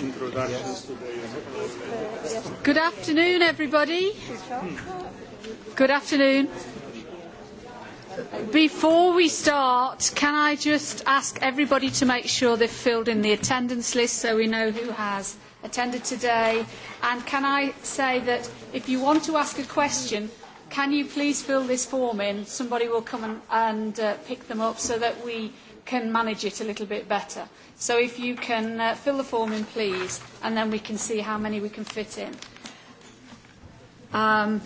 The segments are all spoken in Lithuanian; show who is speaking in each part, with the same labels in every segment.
Speaker 1: introductions today.
Speaker 2: Good afternoon, everybody. Good afternoon. Before we start, can I just ask everybody to make sure they've filled in the attendance list so we know who has attended today? And can I say that if you want to ask a question, can you please fill this form in? Somebody will come and, and uh, pick them up so that we can manage it a little bit better. So if you can uh, fill the form in, please, and then we can see how many we can fit in. Um,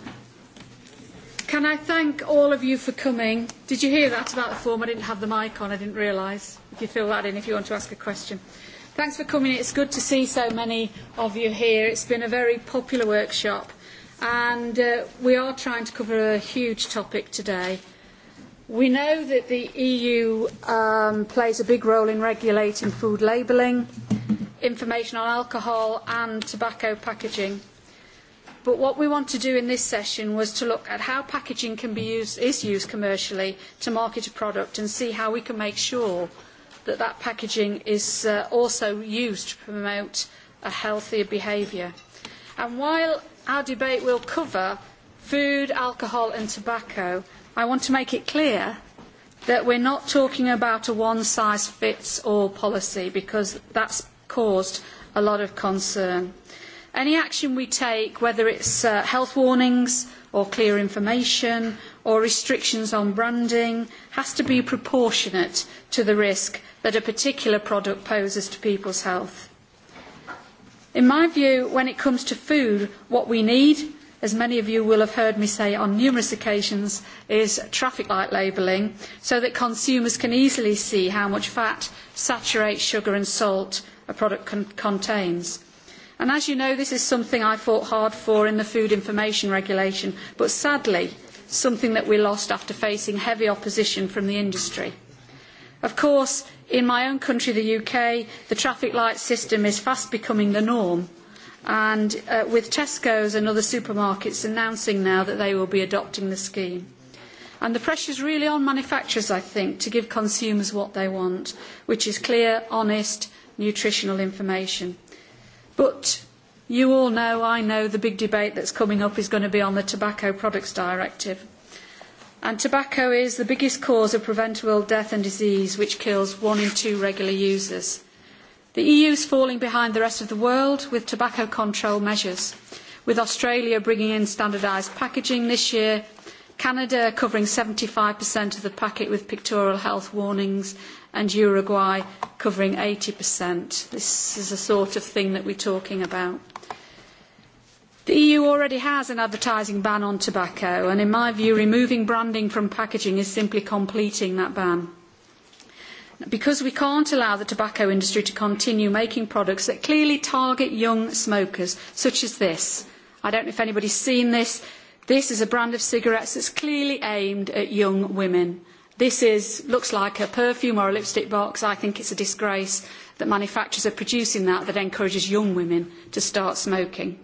Speaker 2: can I thank all of you for coming? Did you hear that about the form? I didn't have the mic on. I didn't realise. If you fill that in, if you want to ask a question. Thanks for coming. It's good to see so many of you here. It's been a very popular workshop, and uh, we are trying to cover a huge topic today. We know that the EU um, plays a big role in regulating food labelling, information on alcohol and tobacco packaging. But what we want to do in this session was to look at how packaging can be used, is used commercially to market a product and see how we can make sure that that packaging is uh, also used to promote a healthier behaviour. And while our debate will cover food, alcohol and tobacco, I want to make it clear that we're not talking about a one-size-fits-all policy because that's caused a lot of concern. Any action we take, whether it's uh, health warnings or clear information or restrictions on branding, has to be proportionate to the risk that a particular product poses to people's health. In my view, when it comes to food, what we need as many of you will have heard me say on numerous occasions, is traffic light labelling so that consumers can easily see how much fat, saturate, sugar and salt a product con- contains. And as you know, this is something I fought hard for in the Food Information Regulation, but sadly, something that we lost after facing heavy opposition from the industry. Of course, in my own country, the UK, the traffic light system is fast becoming the norm and uh, with Tesco's and other supermarkets announcing now that they will be adopting the scheme. And the pressure is really on manufacturers, I think, to give consumers what they want, which is clear, honest, nutritional information. But you all know, I know, the big debate that's coming up is going to be on the Tobacco Products Directive. And tobacco is the biggest cause of preventable death and disease, which kills one in two regular users. The EU is falling behind the rest of the world with tobacco control measures, with Australia bringing in standardised packaging this year, Canada covering 75% of the packet with pictorial health warnings, and Uruguay covering 80%. This is the sort of thing that we're talking about. The EU already has an advertising ban on tobacco, and in my view, removing branding from packaging is simply completing that ban because we can't allow the tobacco industry to continue making products that clearly target young smokers, such as this. I don't know if anybody's seen this. This is a brand of cigarettes that's clearly aimed at young women. This is, looks like a perfume or a lipstick box. I think it's a disgrace that manufacturers are producing that that encourages young women to start smoking.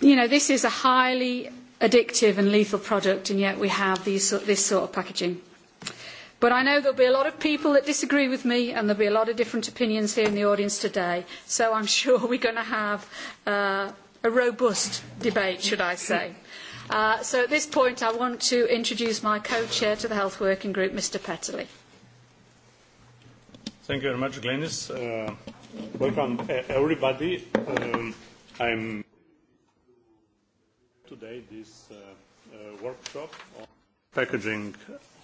Speaker 2: You know, this is a highly addictive and lethal product, and yet we have these, this sort of packaging. But I know there will be a lot of people that disagree with me and there will be a lot of different opinions here in the audience today. So I'm sure we're going to have uh, a robust debate, should I say. Uh, so at this point I want to introduce my co-chair to the Health Working Group, Mr Petterly.
Speaker 1: Thank you very much, Glenis. Uh, welcome, e-, everybody. Um, I'm today this uh, uh, workshop on packaging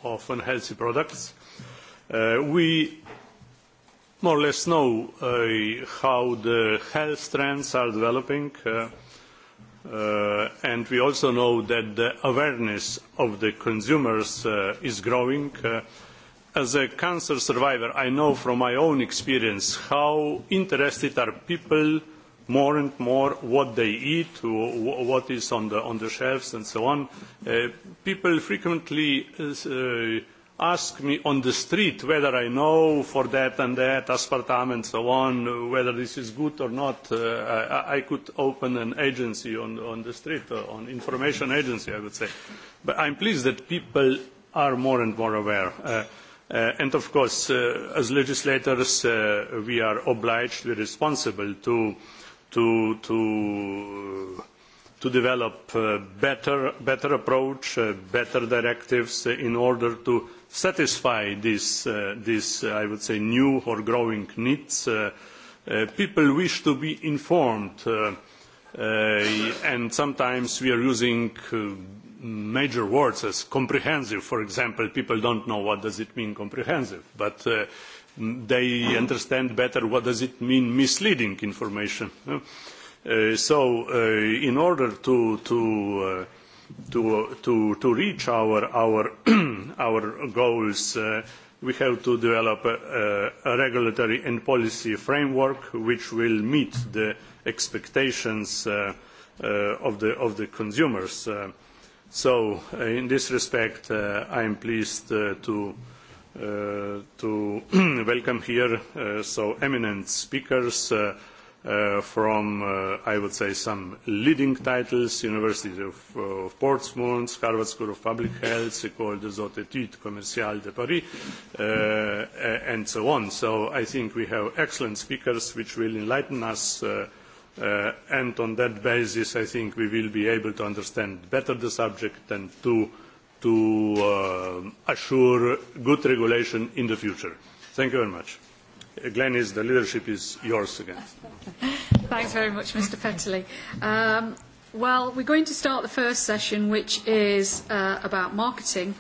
Speaker 1: of unhealthy products. Uh, we more or less know uh, how the health trends are developing, uh, uh, and we also know that the awareness of the consumers uh, is growing. Uh, as a cancer survivor, I know from my own experience how interested are people more and more what they eat, what is on the, on the shelves, and so on. Uh, people frequently uh, ask me on the street whether I know for that and that, aspartame and so on, whether this is good or not. Uh, I, I could open an agency on, on the street, uh, on information agency, I would say. But I'm pleased that people are more and more aware. Uh, Uh, and of course uh, as legislators uh, we are obliged we are responsible to to, to, to develop a better, better approach, uh, better directives in order to satisfy these, uh, these uh, I would say, new or growing needs. Uh, uh, people wish to be informed, uh, uh, and sometimes we are using uh, major words as comprehensive for example people do not know what does it mean comprehensive but uh, they understand better what does it mean misleading information. Uh, so uh, in order to to uh, to, to to reach our our our goals uh, we have to develop a, a regulatory and policy framework which will meet the expectations uh, uh, of the of the consumers uh, so uh, in this respect uh, i am pleased uh, to uh, uh, to welcome here uh, so eminent speakers uh, uh, from, uh, I would say, some leading titles, University of, uh, of Portsmouth, Harvard School of Public Health, École des Hautes Études Commerciales de Paris, uh, and so on. So I think we have excellent speakers which will enlighten us uh, uh, and on that basis I think we will be able to understand better the subject and to uh, to uh, assure good regulation in the future. Thank you very much. Glenis, the leadership is yours again.
Speaker 2: Thanks very much, Mr. Petterly. Um, well, we're going to start the first session, which is uh, about marketing.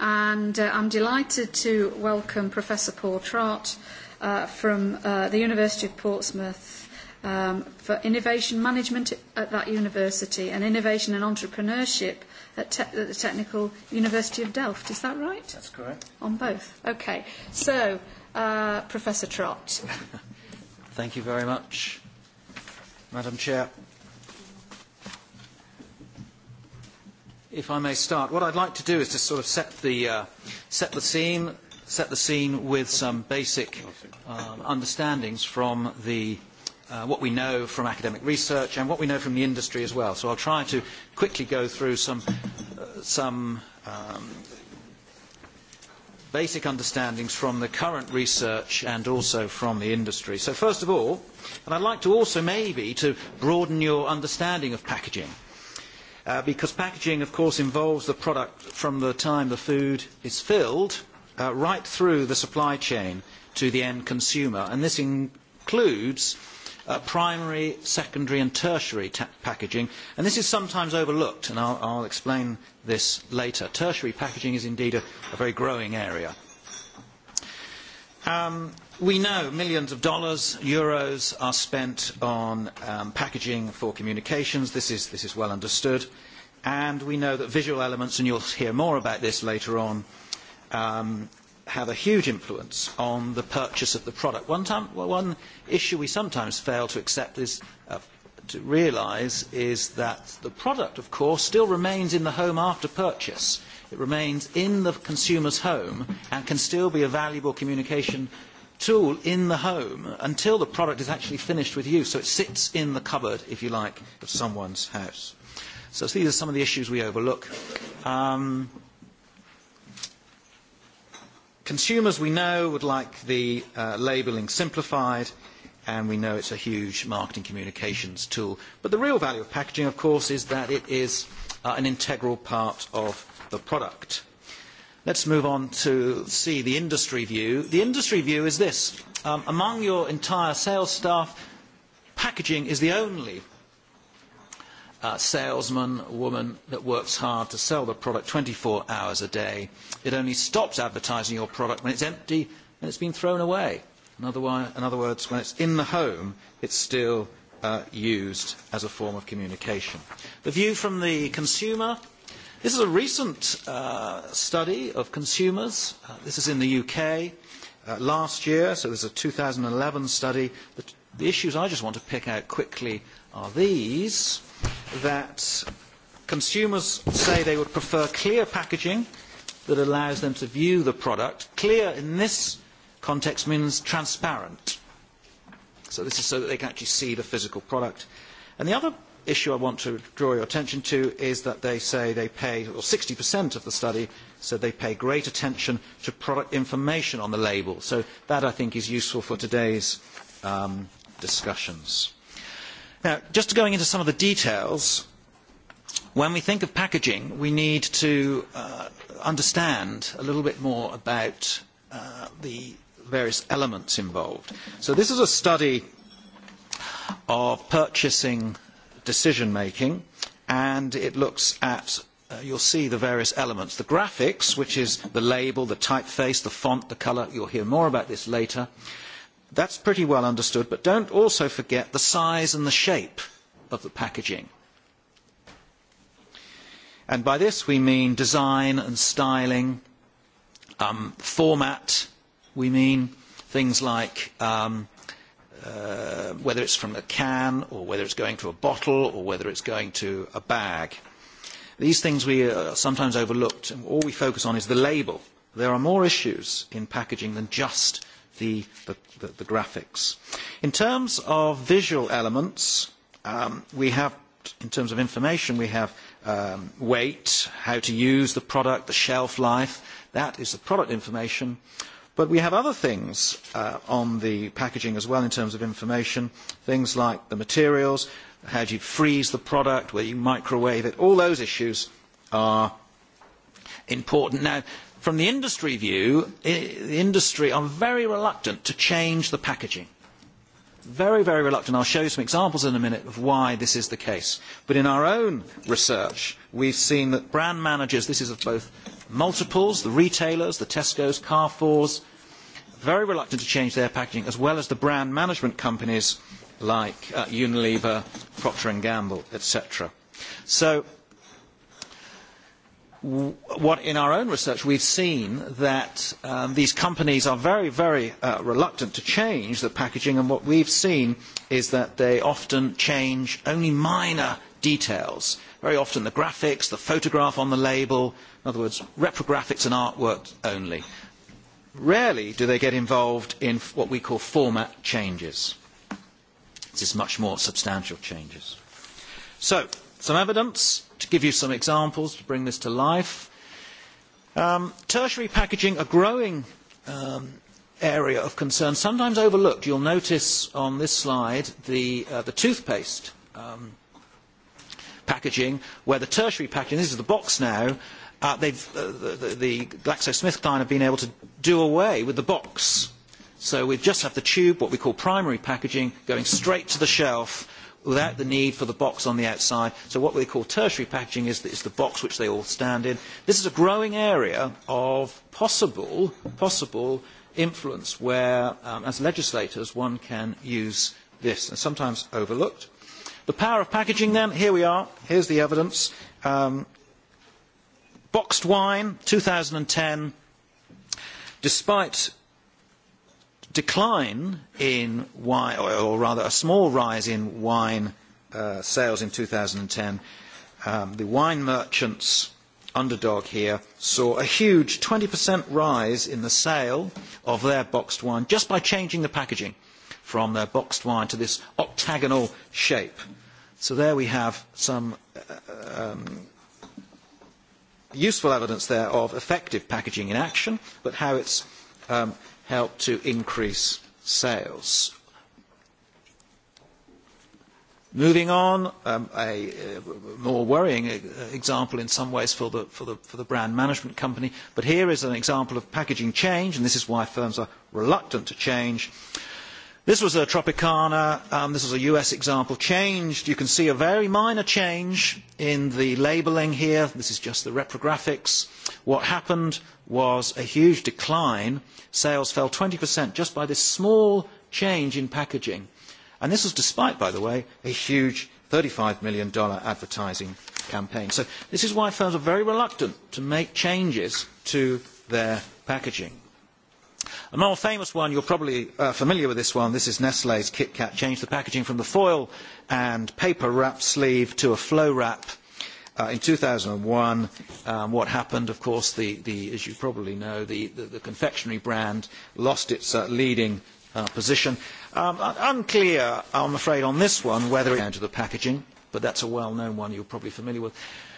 Speaker 2: And uh, I'm delighted to welcome Professor Paul Trott uh, from uh, the University of Portsmouth um, for innovation management at that university and innovation and entrepreneurship at, te- at the Technical University of Delft. Is that right? That's correct. On both. Okay. So, uh, Professor Trott.
Speaker 3: Thank you very much, Madam Chair. If I may start, what I'd like to do is to sort of set the, uh, set the scene, set the scene with some basic um, understandings from the uh, uh, what we know from academic research and what we know from the industry as well. So I'll try to quickly go through some, uh, some um, basic understandings from the current research and also from the industry. So first of all, and I'd like to also maybe to broaden your understanding of packaging. Uh, because packaging, of course, involves the product from the time the food is filled uh, right through the supply chain to the end consumer. And this includes uh, uh, primary, secondary and tertiary ta packaging. And this is sometimes overlooked, and I'll, I'll explain this later. Tertiary packaging is indeed a, a very growing area. Um, we know millions of dollars, euros, are spent on um, packaging for communications. This is, this is well understood. And we know that visual elements, and you'll hear more about this later on, um, have a huge influence on the purchase of the product. One, time, well, one issue we sometimes fail to accept is uh, to realise is that the product, of course, still remains in the home after purchase. It remains in the consumer's home and can still be a valuable communication tool in the home until the product is actually finished with use. So it sits in the cupboard, if you like, of someone's house. So these are some of the issues we overlook. Um, Consumers, we know, would like the uh, labelling simplified, and we know it's a huge marketing communications tool. But the real value of packaging, of course, is that it is uh, an integral part of the product. Let's move on to see the industry view. The industry view is this. Um, among your entire sales staff, packaging is the only uh, salesman, woman that works hard to sell the product 24 hours a day. It only stops advertising your product when it's empty and it's been thrown away. In other, in other words, when it's in the home, it's still uh, used as a form of communication. The view from the consumer. This is a recent uh, study of consumers. Uh, this is in the UK uh, last year, so there's a 2011 study. The, the issues I just want to pick out quickly are these that consumers say they would prefer clear packaging that allows them to view the product. Clear in this context means transparent. So this is so that they can actually see the physical product. And the other issue I want to draw your attention to is that they say they pay, or 60% of the study said they pay great attention to product information on the label. So that I think is useful for today's um, discussions. Now, just going into some of the details, when we think of packaging, we need to uh, understand a little bit more about uh, the various elements involved. So this is a study of purchasing decision making and it looks at uh, you'll see the various elements the graphics which is the label the typeface the font the color you'll hear more about this later uh, That's pretty well understood, but don't also forget the size and the shape of the packaging. And by this we mean design and styling, um, format, we mean things like um, uh, whether it's from a can or whether it's going to a bottle or whether it's going to a bag. These things we are uh, sometimes overlooked and all we focus on is the label. There are more issues in packaging than just the, the, the graphics. In terms of visual elements, um, we have, in terms of information, we have um, weight, how to use the product, the shelf life. That is the product information. But we have other things uh, on the packaging as well in terms of information, things like the materials, how do you freeze the product, whether you microwave it, all those issues are important. Now, From the industry view, I- the industry are very reluctant to change the packaging. Very, very reluctant. I'll show you some examples in a minute of why this is the case. But in our own research, we've seen that brand managers, this is of both multiples, the retailers, the Tesco's, Carrefour's, very reluctant to change their packaging, as well as the brand management companies like uh, Unilever, Procter & Gamble, etc. So what in our own research we've seen that um, these companies are very, very uh, reluctant to change the packaging, and what we've seen is that they often change only minor details. Very often the graphics, the photograph on the label, in other words, reprographics and artwork only. Rarely do they get involved in what we call format changes. This is much more substantial changes. So, some evidence To give you some examples to bring this to life, um, tertiary packaging, a growing um, area of concern, sometimes overlooked. You'll notice on this slide the, uh, the toothpaste um, packaging, where the tertiary packaging, this is the box now, uh, they've, uh, the, the GlaxoSmithKline have been able to do away with the box. So we just have the tube, what we call primary packaging, going straight to the shelf without the need for the box on the outside. So what we call tertiary packaging is, is the box which they all stand in. This is a growing area of possible, possible influence where, um, as legislators, one can use this, and sometimes overlooked. The power of packaging then, here we are, here's the evidence. Um, boxed wine, 2010, despite decline in wine, or, or rather a small rise in wine uh, sales in 2010, um, the wine merchants underdog here saw a huge 20% rise in the sale of their boxed wine just by changing the packaging from their boxed wine to this octagonal shape. So there we have some uh, um, useful evidence there of effective packaging in action, but how it's um, help to increase sales. Moving on, um, a, a uh, more worrying uh, example in some ways for the, for, the, for the brand management company, but here is an example of packaging change, and this is why firms are reluctant to change. Uh, This was a Tropicana, um, this was a US example changed. You can see a very minor change in the labelling here. This is just the reprographics. What happened was a huge decline. Sales fell 20% just by this small change in packaging. And this was despite, by the way, a huge $35 million advertising campaign. So this is why firms are very reluctant to make changes to their packaging. A more famous one, you're probably uh, familiar with this one, this is Nestle's Kit Kat, changed the packaging from the foil and paper wrap sleeve to a flow wrap. Uh, in 2001, um, what happened, of course, the, the, as you probably know, the, the, the confectionery brand lost its uh, leading uh, position. Um, unclear, I'm afraid, on this one whether it into the packaging, but that's a well-known one you're probably familiar with.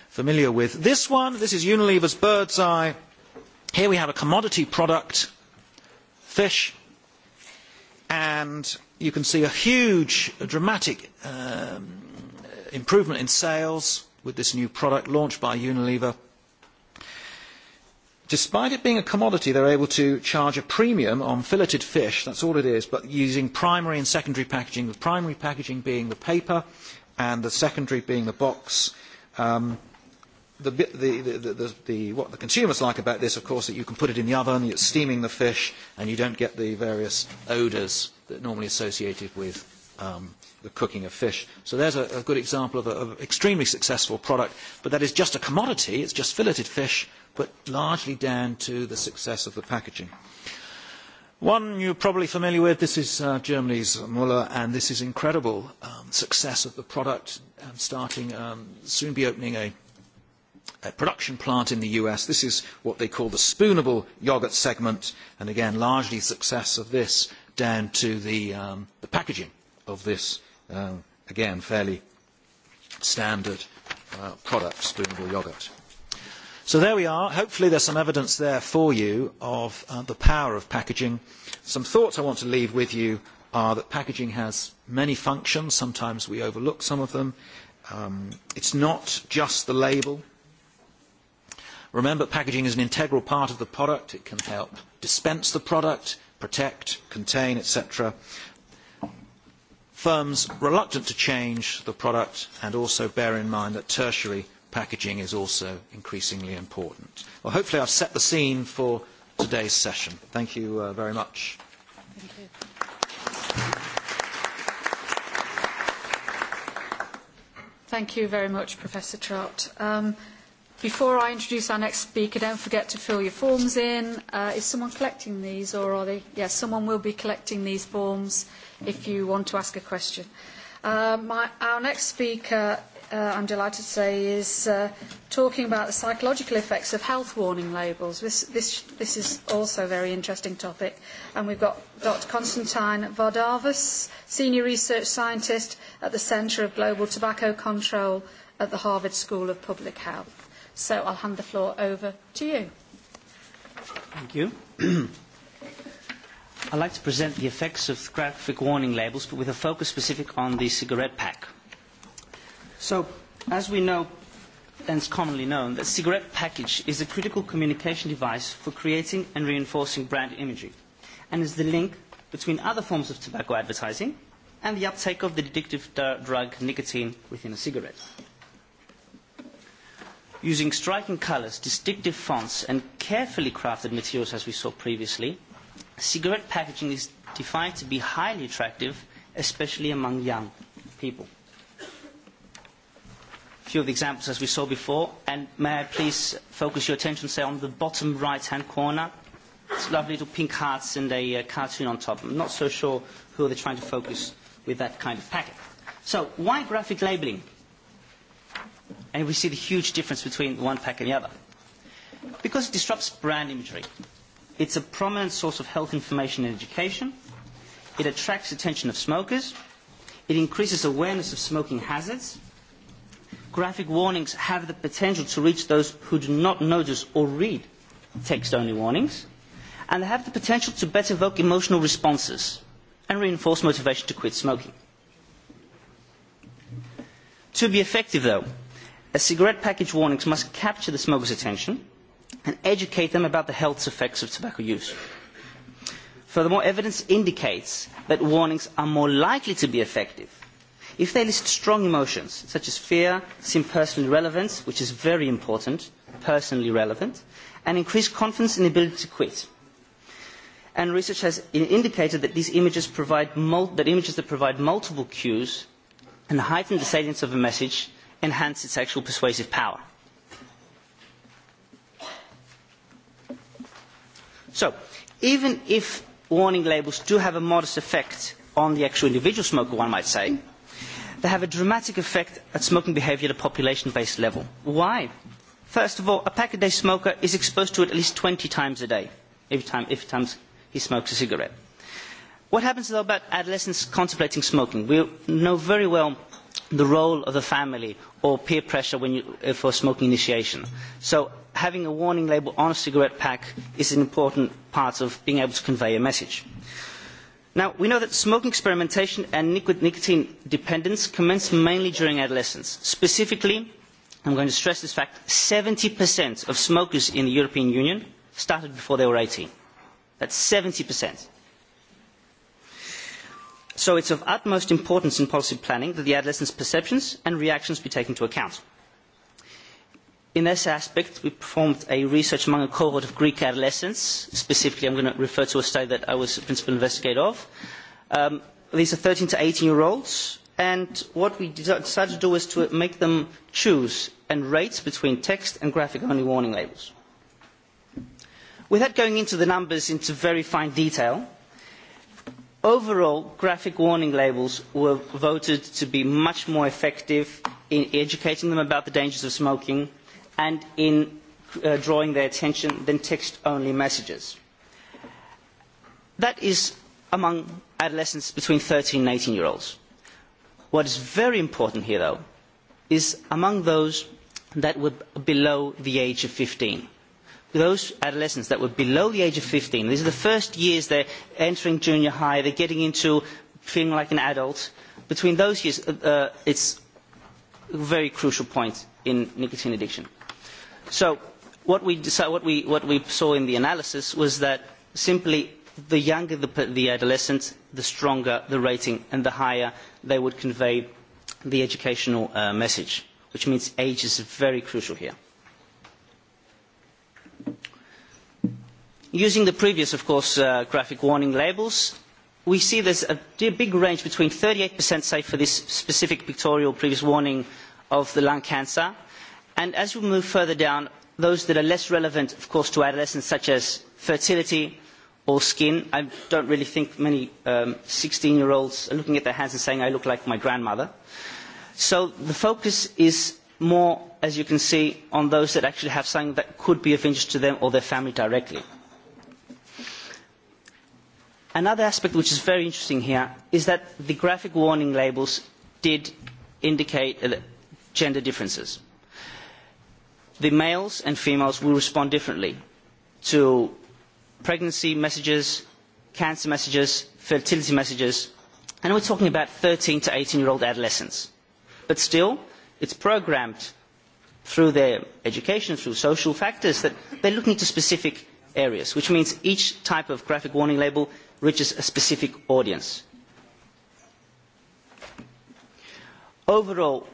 Speaker 3: Familiar with this one. This is Unilever's Bird's Eye. Here we have a commodity product fish and you can see a huge, a dramatic um, improvement in sales with this new product launched by Unilever. Despite it being a commodity, they're able to charge a premium on filleted fish, that's all it is, but using primary and secondary packaging, the primary packaging being the paper and the secondary being the box. Um, the, the, the, the, the, the, what the consumers like about this, of course, that you can put it in the oven, it's steaming the fish, and you don't get the various odours that are normally associated with um, the cooking of fish. So there's a, a good example of an extremely successful product, but that is just a commodity, it's just filleted fish, but largely down to the success of the packaging. One you're probably familiar with, this is uh, Germany's Muller, and this is incredible um, success of the product, um, starting um, soon be opening a uh, production plant in the US. This is what they call the spoonable yogurt segment, and again, largely success of this down to the, um, the packaging of this, um, again, fairly standard uh, product, spoonable yogurt. So there we are. Hopefully there's some evidence there for you of uh, the power of packaging. Some thoughts I want to leave with you are that packaging has many functions. Sometimes we overlook some of them. Um, it's not just the label. Remember, packaging is an integral part of the product. It can help dispense the product, protect, contain, etc. Firms reluctant to change the product and also bear in mind that tertiary packaging is also increasingly important. Well, hopefully I've set the scene for today's session. Thank you uh, very much.
Speaker 4: Thank you.
Speaker 2: Thank you very much, Professor Trott. Um, Before I introduce our next speaker, don't forget to fill your forms in. Uh, is someone collecting these or are they? Yes, yeah, someone will be collecting these forms if you want to ask a question. Uh, my, our next speaker, uh, I'm delighted to say, is uh, talking about the psychological effects of health warning labels. This, this, this is also a very interesting topic. And we've got Dr. Konstantin Vardarvis, Senior Research Scientist at the Centre of Global Tobacco Control at the Harvard School of Public Health. So I'll hand the floor over to you.
Speaker 5: Thank you. I'd like to present the effects of graphic warning labels, but with a focus specific on the cigarette pack. So, as we know, and it's commonly known, the cigarette package is a critical communication device for creating and reinforcing brand imagery, and is the link between other forms of tobacco advertising and the uptake of the addictive drug nicotine within a cigarette using striking colours, distinctive fonts and carefully crafted materials as we saw previously, cigarette packaging is defined to be highly attractive, especially among young people. A few of the examples as we saw before, and may I please focus your attention, say, on the bottom right-hand corner. It's lovely little pink hearts and a uh, cartoon on top. I'm not so sure who they're trying to focus with that kind of packet. So, why graphic labelling? and we see the huge difference between one pack and the other. Because it disrupts brand imagery, it's a prominent source of health information and education, it attracts attention of smokers, it increases awareness of smoking hazards, graphic warnings have the potential to reach those who do not notice or read text-only warnings, and they have the potential to better evoke emotional responses and reinforce motivation to quit smoking. To be effective, though, As cigarette package warnings must capture the smoker's attention and educate them about the health effects of tobacco use. Furthermore, evidence indicates that warnings are more likely to be effective if they list strong emotions such as fear, seem personally relevant, which is very important, personally relevant, and increase confidence in the ability to quit. And research has indicated that these images provide mul- that images that provide multiple cues and heighten the salience of a message enhance its actual persuasive power. So, even if warning labels do have a modest effect on the actual individual smoker, one might say, they have a dramatic effect at smoking behaviour at a population-based level. Why? First of all, a pack-a-day smoker is exposed to it at least 20 times a day, every time, every time he smokes a cigarette. What happens, though, about adolescents contemplating smoking? We know very well the role of the family or peer pressure when you, uh, for smoking initiation. So having a warning label on a cigarette pack is an important part of being able to convey a message. Now, we know that smoking experimentation and nicotine dependence commence mainly during adolescence. Specifically, I'm going to stress this fact, 70% of smokers in the European Union started before they were 18. That's 70%. So it's of utmost importance in policy planning that the adolescent's perceptions and reactions be taken into account. In this aspect, we performed a research among a cohort of Greek adolescents. Specifically, I'm going to refer to a study that I was a principal investigator of. Um, these are 13 to 18 year olds, and what we decided to do was to make them choose and rate between text and graphic only warning labels. Without going into the numbers into very fine detail, overall graphic warning labels were voted to be much more effective in educating them about the dangers of smoking and in uh, drawing their attention than text only messages. That is among adolescents between 13 and 18 year olds. What is very important here though is among those that were below the age of 15 those adolescents that were below the age of 15, these are the first years they're entering junior high, they're getting into feeling like an adult. Between those years, uh, uh it's a very crucial point in nicotine addiction. So what we, decide, what, we, what we saw in the analysis was that simply the younger the, the adolescent, the stronger the rating and the higher they would convey the educational uh, message, which means age is very crucial here. Using the previous, of course, uh, graphic warning labels, we see there's a big range between 38% say for this specific pictorial previous warning of the lung cancer, and as we move further down, those that are less relevant, of course, to adolescents, such as fertility or skin. I don't really think many 16-year-olds um, are looking at their hands and saying, I look like my grandmother. So the focus is more, as you can see, on those that actually have something that could be of interest to them or their family directly. Another aspect which is very interesting here is that the graphic warning labels did indicate uh, gender differences. The males and females will respond differently to pregnancy messages, cancer messages, fertility messages, and we're talking about 13 to 18 year old adolescents. But still, it's programmed through their education, through social factors, that they're looking to specific areas, which means each type of graphic warning label reaches a specific audience. Overall,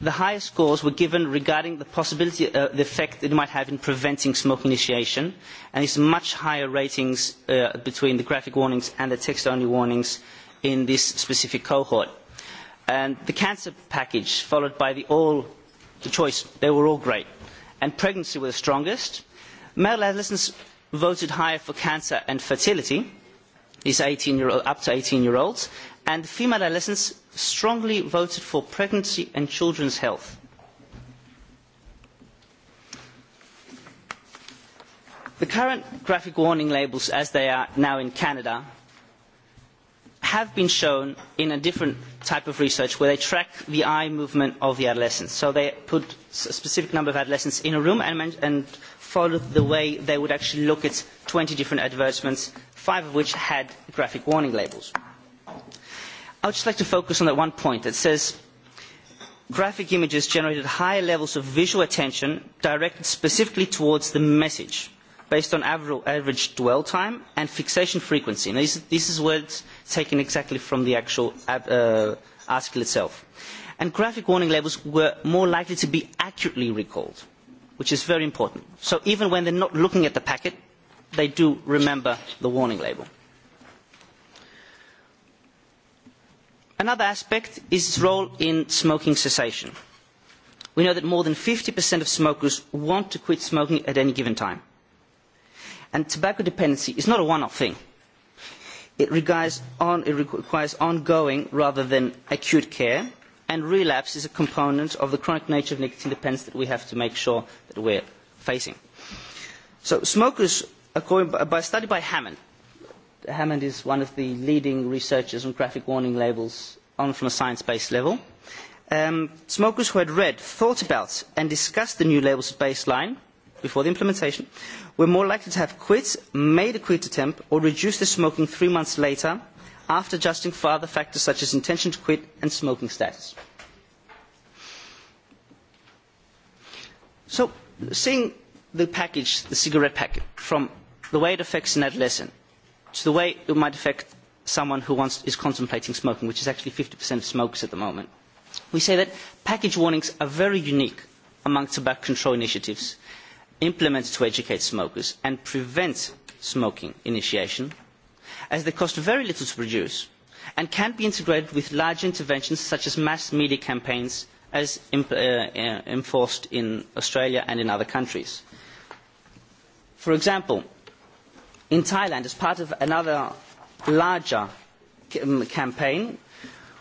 Speaker 5: the highest scores were given regarding the possibility, uh, the effect it might have in preventing smoke initiation, and it's much higher ratings uh, between the graphic warnings and the text-only warnings in this specific cohort. And the cancer package, followed by the all, the choice, they were all great. And pregnancy were the strongest. Male adolescents voted higher for cancer and fertility, is 18 year, up to 18 year olds, and female adolescents strongly voted for pregnancy and children's health. The current graphic warning labels, as they are now in Canada, have been shown in a different type of research where they track the eye movement of the adolescents. So they put a specific number of adolescents in a room and, and followed the way they would actually look at 20 different advertisements, five of which had graphic warning labels. I would just like to focus on that one point that says graphic images generated higher levels of visual attention directed specifically towards the message based on average dwell time and fixation frequency. Now, this, this is words taken exactly from the actual uh, article itself. And graphic warning labels were more likely to be accurately recalled. Uh, which is very important. So even when they're not looking at the packet, they do remember the warning label. Another aspect is its role in smoking cessation. We know that more than 50% of smokers want to quit smoking at any given time. And tobacco dependency is not a one-off thing. It requires, on, it requires ongoing rather than acute care, and relapse is a component of the chronic nature of nicotine dependence that we have to make sure that we're facing. So smokers, according by a study by Hammond, Hammond is one of the leading researchers on graphic warning labels on from a science-based level. Um, smokers who had read, thought about and discussed the new labels at baseline before the implementation were more likely to have quit, made a quit attempt or reduced their smoking three months later after adjusting for other factors such as intention to quit and smoking status. So, seeing the package, the cigarette packet, from the way it affects an adolescent to the way it might affect someone who wants, is contemplating smoking, which is actually 50% of smokers at the moment, we say that package warnings are very unique among tobacco control initiatives implemented to educate smokers and prevent smoking initiation as they cost very little to produce and can be integrated with large interventions such as mass media campaigns as imp uh, uh, enforced in Australia and in other countries. For example, in Thailand, as part of another larger campaign,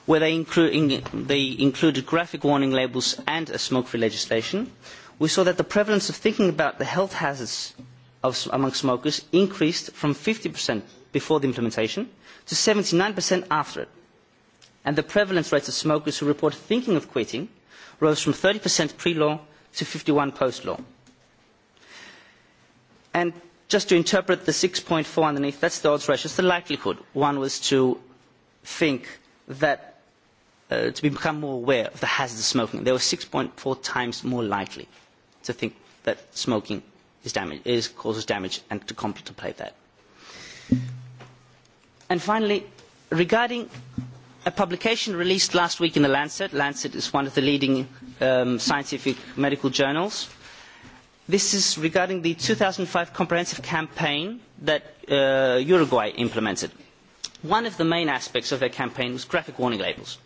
Speaker 5: where they, inclu in, they included graphic warning labels and a smoke-free legislation, we saw that the prevalence of thinking about the health hazards of, among smokers increased from 50% before the implementation to 79% after it. And the prevalence rates of smokers who reported thinking of quitting rose from 30% pre-law to 51 post-law. And just to interpret the 6.4 underneath, that's the odds ratio, it's the likelihood one was to think that uh, to become more aware of the hazards of smoking. They were 6.4 times more likely to think that smoking is damage, is, causes damage and to contemplate that. And finally, regarding a publication released last week in The Lancet, Lancet is one of the leading um, scientific medical journals. This is regarding the 2005 comprehensive campaign that uh, Uruguay implemented. One of the main aspects of their campaign was graphic warning labels.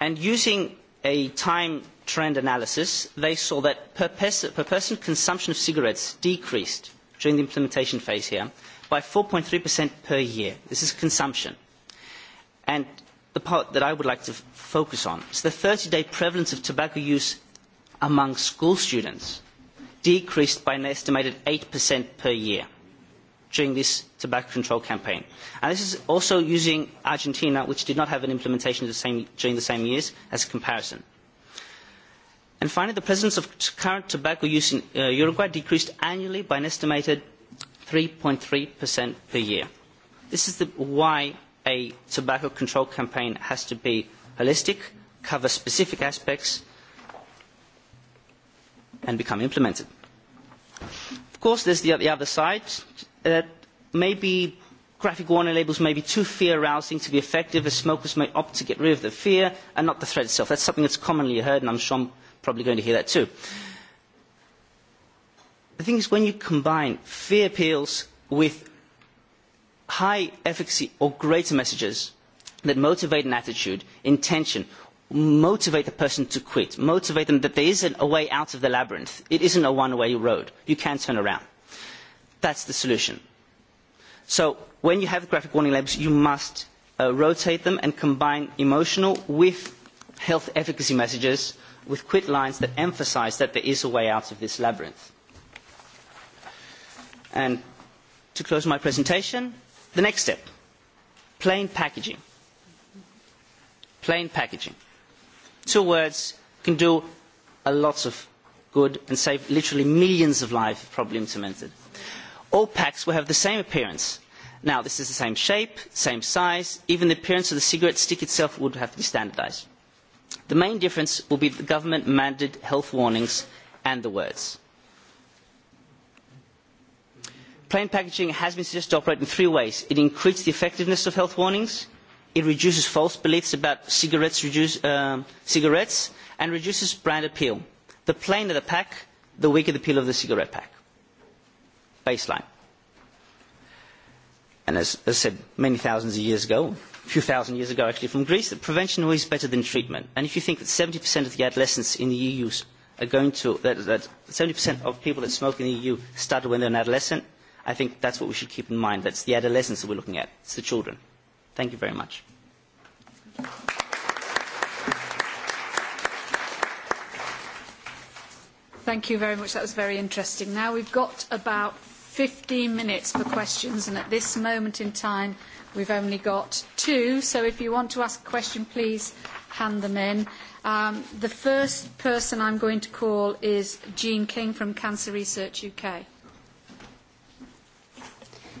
Speaker 5: And using a time trend analysis, they saw that per, pers- per person consumption of cigarettes decreased during the implementation phase here by 4.3% per year. This is consumption. And the part that I would like to f- focus on is the 30-day prevalence of tobacco use among school students decreased by an estimated 8% per year during this tobacco control campaign. And this is also using Argentina, which did not have an implementation the same, during the same years, as a comparison. And finally, the presence of current tobacco use in uh, Uruguay decreased annually by an estimated 3.3% per year. This is the, why a tobacco control campaign has to be holistic, cover specific aspects, and become implemented. Of course, there's the, the other side that maybe graphic warning labels may be too fear arousing to be effective, as smokers may opt to get rid of the fear and not the threat itself. That's something that's commonly heard, and I'm sure I'm probably going to hear that too. Uh, the thing is when you combine fear appeals with high efficacy or greater messages that motivate an attitude, intention, motivate the person to quit, motivate them that there isn't a way out of the labyrinth. It isn't a one-way road. You can turn around. That's the solution. So when you have graphic warning labels, you must uh, rotate them and combine emotional with health efficacy messages with quit lines that emphasize that there is a way out of this labyrinth. And to close my presentation, the next step, plain packaging. Plain packaging. Two words can do a lot of good and save literally millions of lives if properly implemented. All packs will have the same appearance. Now, this is the same shape, same size, even the appearance of the cigarette stick itself would have to be standardized. The main difference will be the government-mandated health warnings and the words plain packaging has been suggested to operate in three ways. It increases the effectiveness of health warnings, it reduces false beliefs about cigarettes, reduce, um, cigarettes and reduces brand appeal. The plainer the pack, the weaker the appeal of the cigarette pack. Baseline. And as I said many thousands of years ago, a few thousand years ago actually from Greece, that prevention is always better than treatment. And if you think that 70% of the adolescents in the EU are going to, that, that 70% of people that smoke in the EU started when they're an adolescent, I think that's what we should keep in mind. That's the adolescents that we're looking at. It's the children. Thank you very much.
Speaker 2: Thank you very much. That was very interesting. Now we've got about 15 minutes for questions, and at this moment in time, we've only got two. So if you want to ask a question, please hand them in. Um, the first person I'm going to call is Jean King from Cancer Research UK.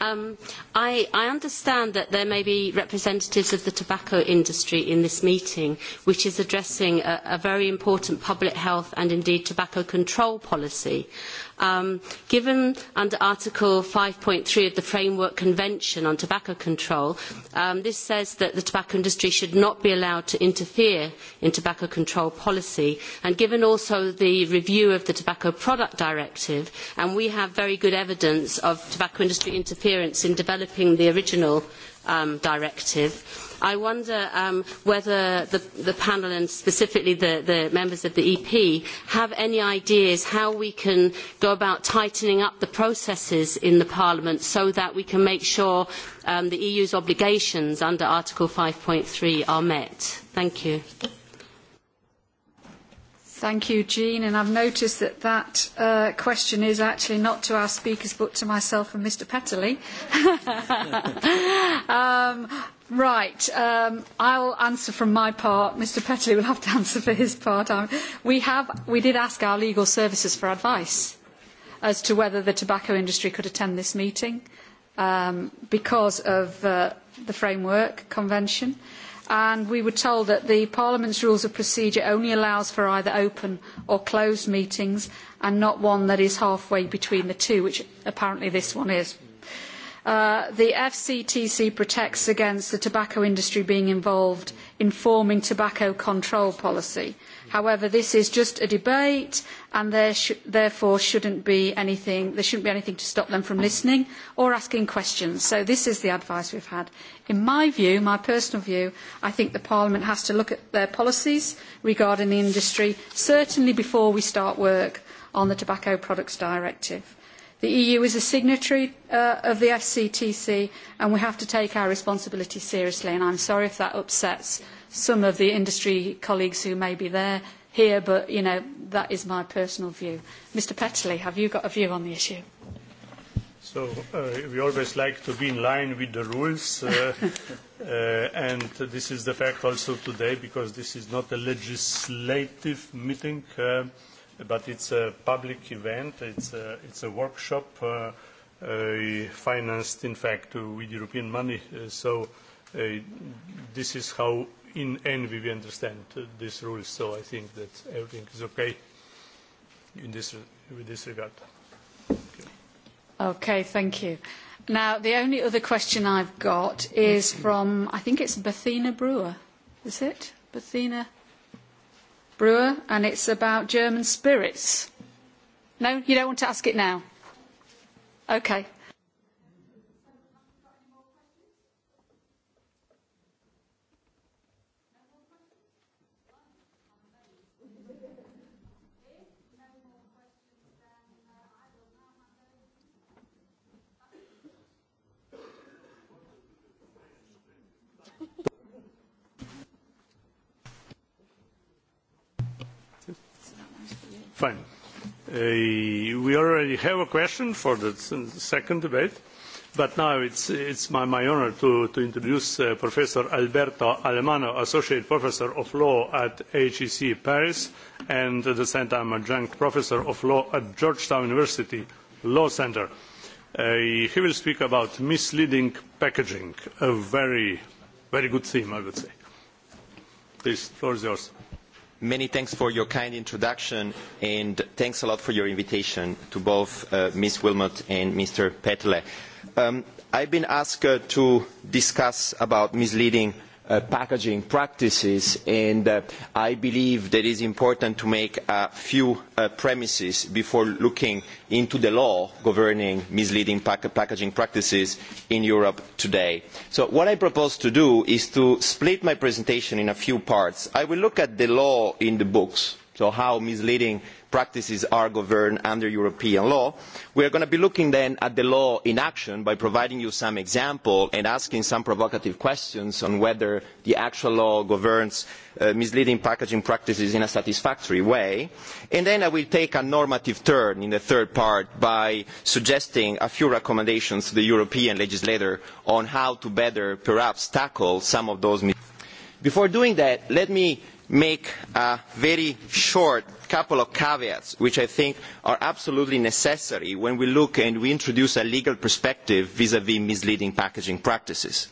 Speaker 2: Um, I, I understand that there may be representatives of the tobacco industry in this meeting, which is addressing a, a very important public health and indeed tobacco control policy. Um, given under Article 5.3 of the Framework Convention on Tobacco Control, um, this says that the tobacco industry should not be allowed to interfere in tobacco control policy. And given also the review of the Tobacco Product Directive, and we have very good evidence of tobacco industry interference experience in developing the original um, directive. I wonder um, whether the, the panel and specifically the, the members of the EP have any ideas how we can go about tightening up the processes in the Parliament so that we can make sure um, the EU's obligations under Article 5.3 are met. Thank you. Thank you. Thank you, Jean. And I've noticed that that uh, question is actually not to our speakers, but to myself and Mr. Petterly. um, right. Um, I'll answer from my part. Mr. Petterly will have to answer for his part. Um, we, have, we did ask our legal services for advice as to whether the tobacco industry could attend this meeting um, because of uh, the framework convention. Uh, and we were told that the Parliament's rules of procedure only allows for either open or closed meetings and not one that is halfway between the two, which apparently this one is. Uh, the FCTC protects against the tobacco industry being involved in forming tobacco control policy. However, this is just a debate, and there sh therefore shouldn't be anything. There shouldn't be anything to stop them from listening or asking questions. So this is the advice we've had. In my view, my personal view, I think the Parliament has to look at their policies regarding the industry, certainly before we start work on the Tobacco Products Directive. The EU is a signatory uh, of the FCTC and we have to take our responsibility seriously and I'm sorry if that upsets some of the industry colleagues who may be there here but you know that is my personal view. Mr Petterley, have you got a view on the issue?
Speaker 1: So uh, we always like to be in line with the rules, uh, uh, and this is the fact also today because this is not a legislative meeting. Uh, but it's a public event. It's a, it's a workshop uh, uh, financed, in fact, uh, with European money. Uh, so uh, this is how, in ENVI, we understand uh, these rules. So I think that everything is okay in this, with this regard. Okay,
Speaker 2: okay thank you. Now, the only other question I've got is from, I think it's Bethina Brewer. Is it? Bethina? Brewer, and it's about German spirits. No, you don't want to ask it now? Okay.
Speaker 1: Fine. Uh, we already have a question for the second debate, but now it's, it's my, my honor to, to introduce uh, Professor Alberto Alemano, Associate Professor of Law at HEC Paris and at the same time Adjunct Professor of Law at Georgetown University Law Center. Uh, he will speak about misleading packaging, a very, very good theme, I would say. Please, floor is yours.
Speaker 6: Many thanks for your kind introduction and thanks a lot for your invitation to both uh, Ms. Wilmot and Mr. Petele. Um, I've been asked uh, to discuss about misleading uh, packaging practices, and uh, I believe that it is important to make a few uh, premises before looking into the law governing misleading pack packaging practices in Europe today. So what I propose to do is to split my presentation in a few parts. I will look at the law in the books, so how misleading uh, practices are governed under European law. We are going to be looking then at the law in action by providing you some example and asking some provocative questions on whether the actual law governs uh, misleading packaging practices in a satisfactory way. And then I will take a normative turn in the third part by suggesting a few recommendations to the European legislator on how to better perhaps tackle some of those misleading Before doing that, let me make a very short couple of caveats which I think are absolutely necessary when we look and we introduce a legal perspective vis-à-vis -vis misleading packaging practices.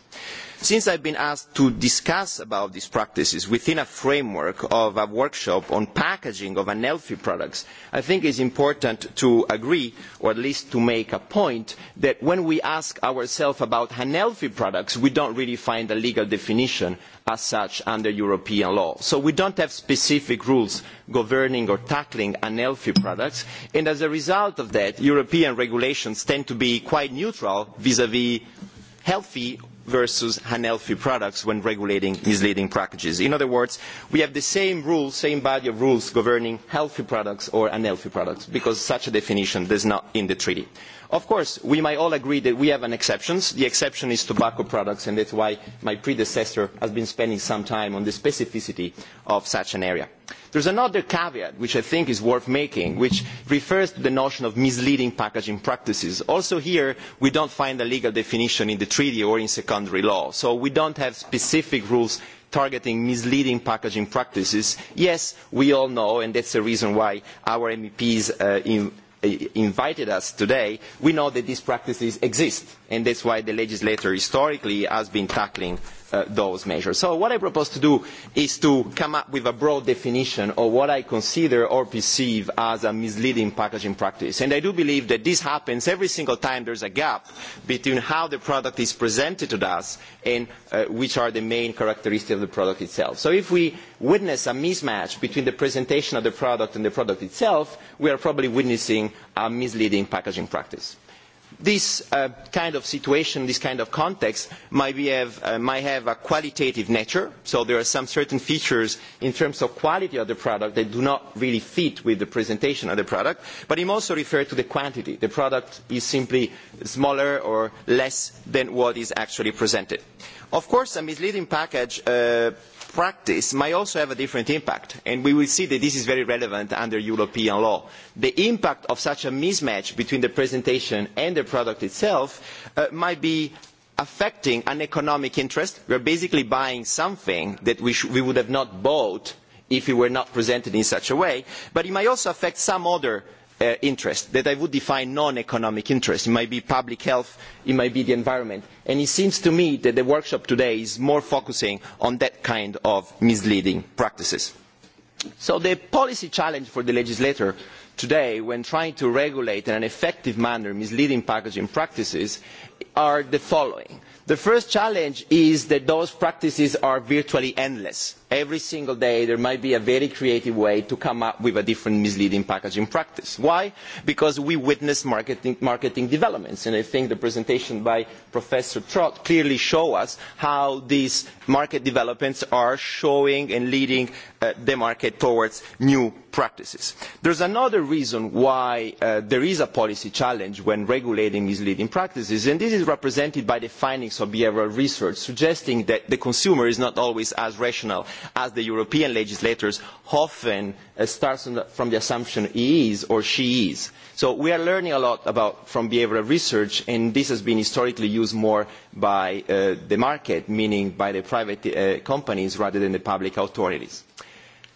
Speaker 6: Since I've been asked to discuss about these practices within a framework of a workshop on packaging of unhealthy products, I think it's important to agree, or at least to make a point, that when we ask ourselves about unhealthy products, we don't really find a legal definition as such under European law. So we don't have specific rules governing or tackling unhealthy products, and as a result of that, European regulations tend to be quite neutral vis-à-vis -vis healthy versus unhealthy products when regulating misleading packages. In other words, we have the same rules, same body of rules governing healthy products or unhealthy products because such a definition is not in the treaty. Of course, we might all agree that we have an exception. The exception is tobacco products, and that's why my predecessor has been spending some time on the specificity of such an area. There's another caveat which I think is worth making, which refers to the notion of misleading packaging practices. Also here, we don't find a legal definition in the treaty or in secondary law, so we don't have specific rules targeting misleading packaging practices. Yes, we all know, and that's the reason why our MEPs uh, in Uh, invited us today, we know that these practices exist and that's why the legislator historically has been tackling uh, those measures. So what I propose to do is to come up with a broad definition of what I consider or perceive as a misleading packaging practice. And I do believe that this happens every single time there's a gap between how the product is presented to us and uh, which are the main characteristics of the product itself. So if we witness a mismatch between the presentation of the product and the product itself, we are probably witnessing a misleading packaging practice this uh, kind of situation, this kind of context might, be have, uh, might have a qualitative nature. So there are some certain features in terms of quality of the product that do not really fit with the presentation of the product. But it also refers to the quantity. The product is simply smaller or less than what is actually presented. Of course, a misleading package uh, practice may also have a different impact, and we will see that this is very relevant under European law. The impact of such a mismatch between the presentation and the product itself uh, might be affecting an economic interest. We're basically buying something that we, sh- we would have not bought if it were not presented in such a way, but it might also affect some other uh, interest that I would define non-economic interest. It might be public health, it might be the environment. And it seems to me that the workshop today is more focusing on that kind of misleading practices. So the policy challenge for the legislator today when trying to regulate in an effective manner misleading packaging practices are the following the first challenge is that those practices are virtually endless. every single day there might be a very creative way to come up with a different misleading packaging practice. why? because we witness marketing, marketing developments and i think the presentation by professor trott clearly shows us how these market developments are showing and leading uh, the market towards new practices. There's another reason why uh, there is a policy challenge when regulating misleading practices, and this is represented by the findings of behavioral research, suggesting that the consumer is not always as rational as the European legislators often uh, starts from the, from the assumption he is or she is. So we are learning a lot about, from behavioral research, and this has been historically used more by uh, the market, meaning by the private uh, companies rather than the public authorities.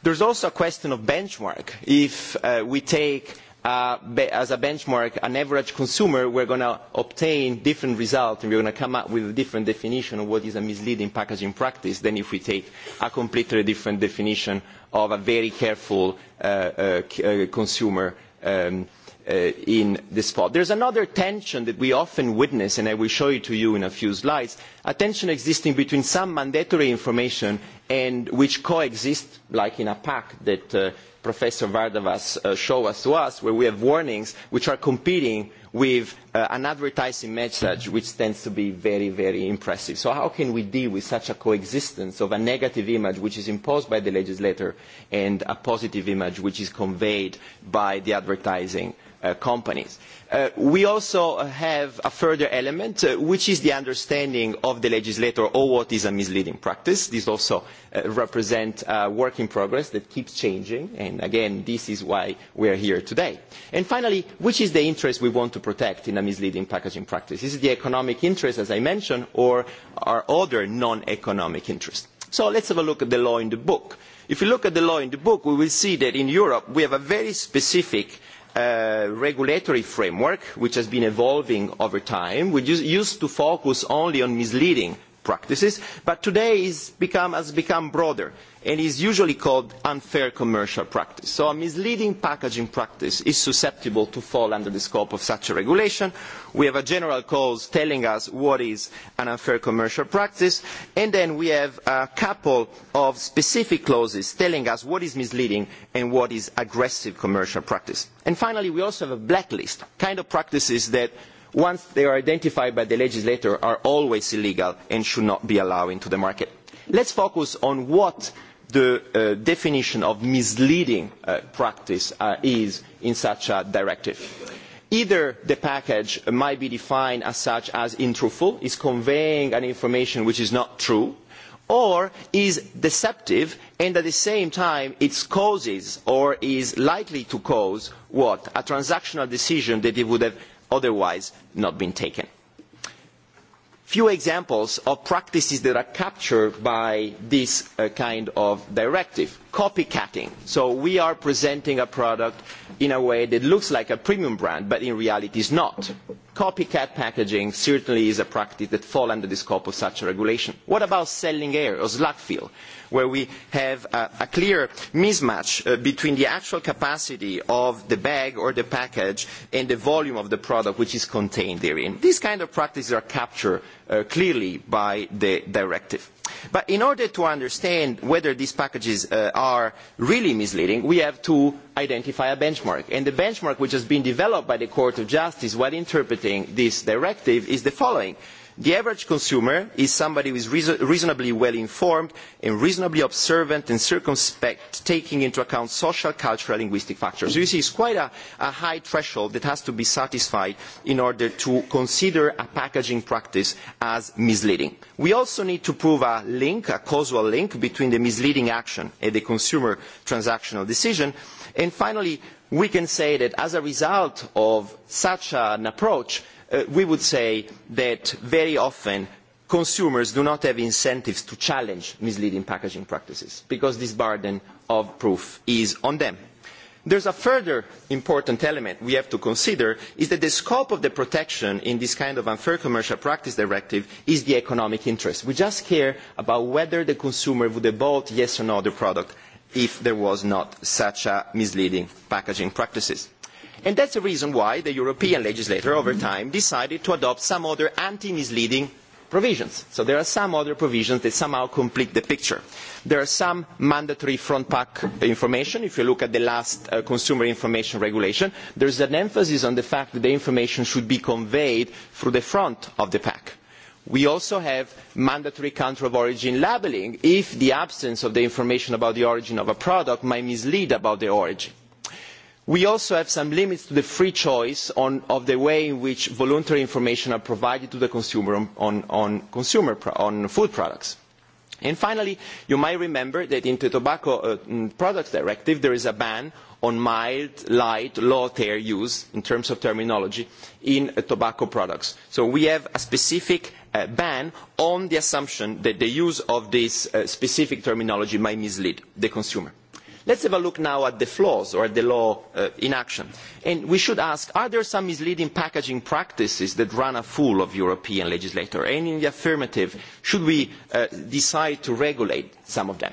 Speaker 6: There's also a question of benchmark. If uh, we take uh, be, as a benchmark an average consumer, we're going to obtain different results and we're going to come up with a different definition of what is a misleading packaging practice than if we take a completely different definition of a very careful uh, uh, uh, consumer um, uh, in the spot. There's another tension that we often witness, and I will show it to you in a few slides, a tension existing between some mandatory information and which coexist, like in a pack that uh, Professor Vardavas uh, showed us to us, where we have warnings which are competing with uh, an advertising message which tends to be very, very impressive. So how can we deal with such a coexistence of a negative image which is imposed by the legislator and a positive image which is conveyed by the advertising uh, companies? Uh, Uh, we also have a further element, uh, which is the understanding of the legislator of what is a misleading practice. This also uh, represents a uh, work in progress that keeps changing, and again, this is why we are here today. And finally, which is the interest we want to protect in a misleading packaging practice? Is it the economic interest, as I mentioned, or are other non-economic interests? So let's have a look at the law in the book. If you look at the law in the book, we will see that in Europe we have a very specific uh, uh, regulatory framework, which has been evolving over time, which used to focus only on misleading practices, but today is become, has become broader and is usually called unfair commercial practice. So a misleading packaging practice is susceptible to fall under the scope of such a regulation. We have a general clause telling us what is an unfair commercial practice, and then we have a couple of specific clauses telling us what is misleading and what is aggressive commercial practice. And finally, we also have a blacklist, kind of practices that once they are identified by the legislator are always illegal and should not be allowed into the market. Let's focus on what the uh, definition of misleading uh, practice uh, is in such a directive. Either the package might be defined as such as untruthful, is conveying an information which is not true, or is deceptive and at the same time it causes or is likely to cause what? A transactional decision that it would have otherwise not been taken few examples of practices that are captured by this uh, kind of directive. Copycatting. So we are presenting a product in a way that looks like a premium brand, but in reality is not. Copycat packaging certainly is a practice that falls under the scope of such a regulation. What about selling air or slug fill, where we have a, a clear mismatch uh, between the actual capacity of the bag or the package and the volume of the product which is contained therein? These kind of practices are captured uh, clearly by the directive. But in order to understand whether these packages uh, are really misleading, we have to identify a benchmark. And the benchmark which has been developed by the Court of Justice while interpreting this directive is the following. Uh, The average consumer is somebody who is reason reasonably well informed and reasonably observant and circumspect, taking into account social, cultural, linguistic factors. So you see, it's quite a, a high threshold that has to be satisfied in order to consider a packaging practice as misleading. We also need to prove a link, a causal link, between the misleading action and the consumer transactional decision. And finally, we can say that as a result of such an approach, uh, we would say that very often consumers do not have incentives to challenge misleading packaging practices because this burden of proof is on them. There's a further important element we have to consider is that the scope of the protection in this kind of unfair commercial practice directive is the economic interest. We just care about whether the consumer would have bought yes or no the product if there was not such a misleading packaging practices. And that's the reason why the European legislator over time decided to adopt some other anti-misleading provisions. So there are some other provisions that somehow complete the picture. There are some mandatory front pack information. If you look at the last uh, consumer information regulation, there's an emphasis on the fact that the information should be conveyed through the front of the pack. We also have mandatory country of origin labeling if the absence of the information about the origin of a product might mislead about the origin we also have some limits to the free choice on, of the way in which voluntary information are provided to the consumer on, on, on, consumer pro on food products. And finally, you might remember that in the Tobacco uh, mm, Products Directive there is a ban on mild, light, low-tear use, in terms of terminology, in uh, tobacco products. So we have a specific uh, ban on the assumption that the use of this uh, specific terminology might mislead the consumer. Let's have a look now at the flaws or the law uh, in action. And we should ask, are there some misleading packaging practices that run afoul of European legislator? And in the affirmative, should we uh, decide to regulate some of them?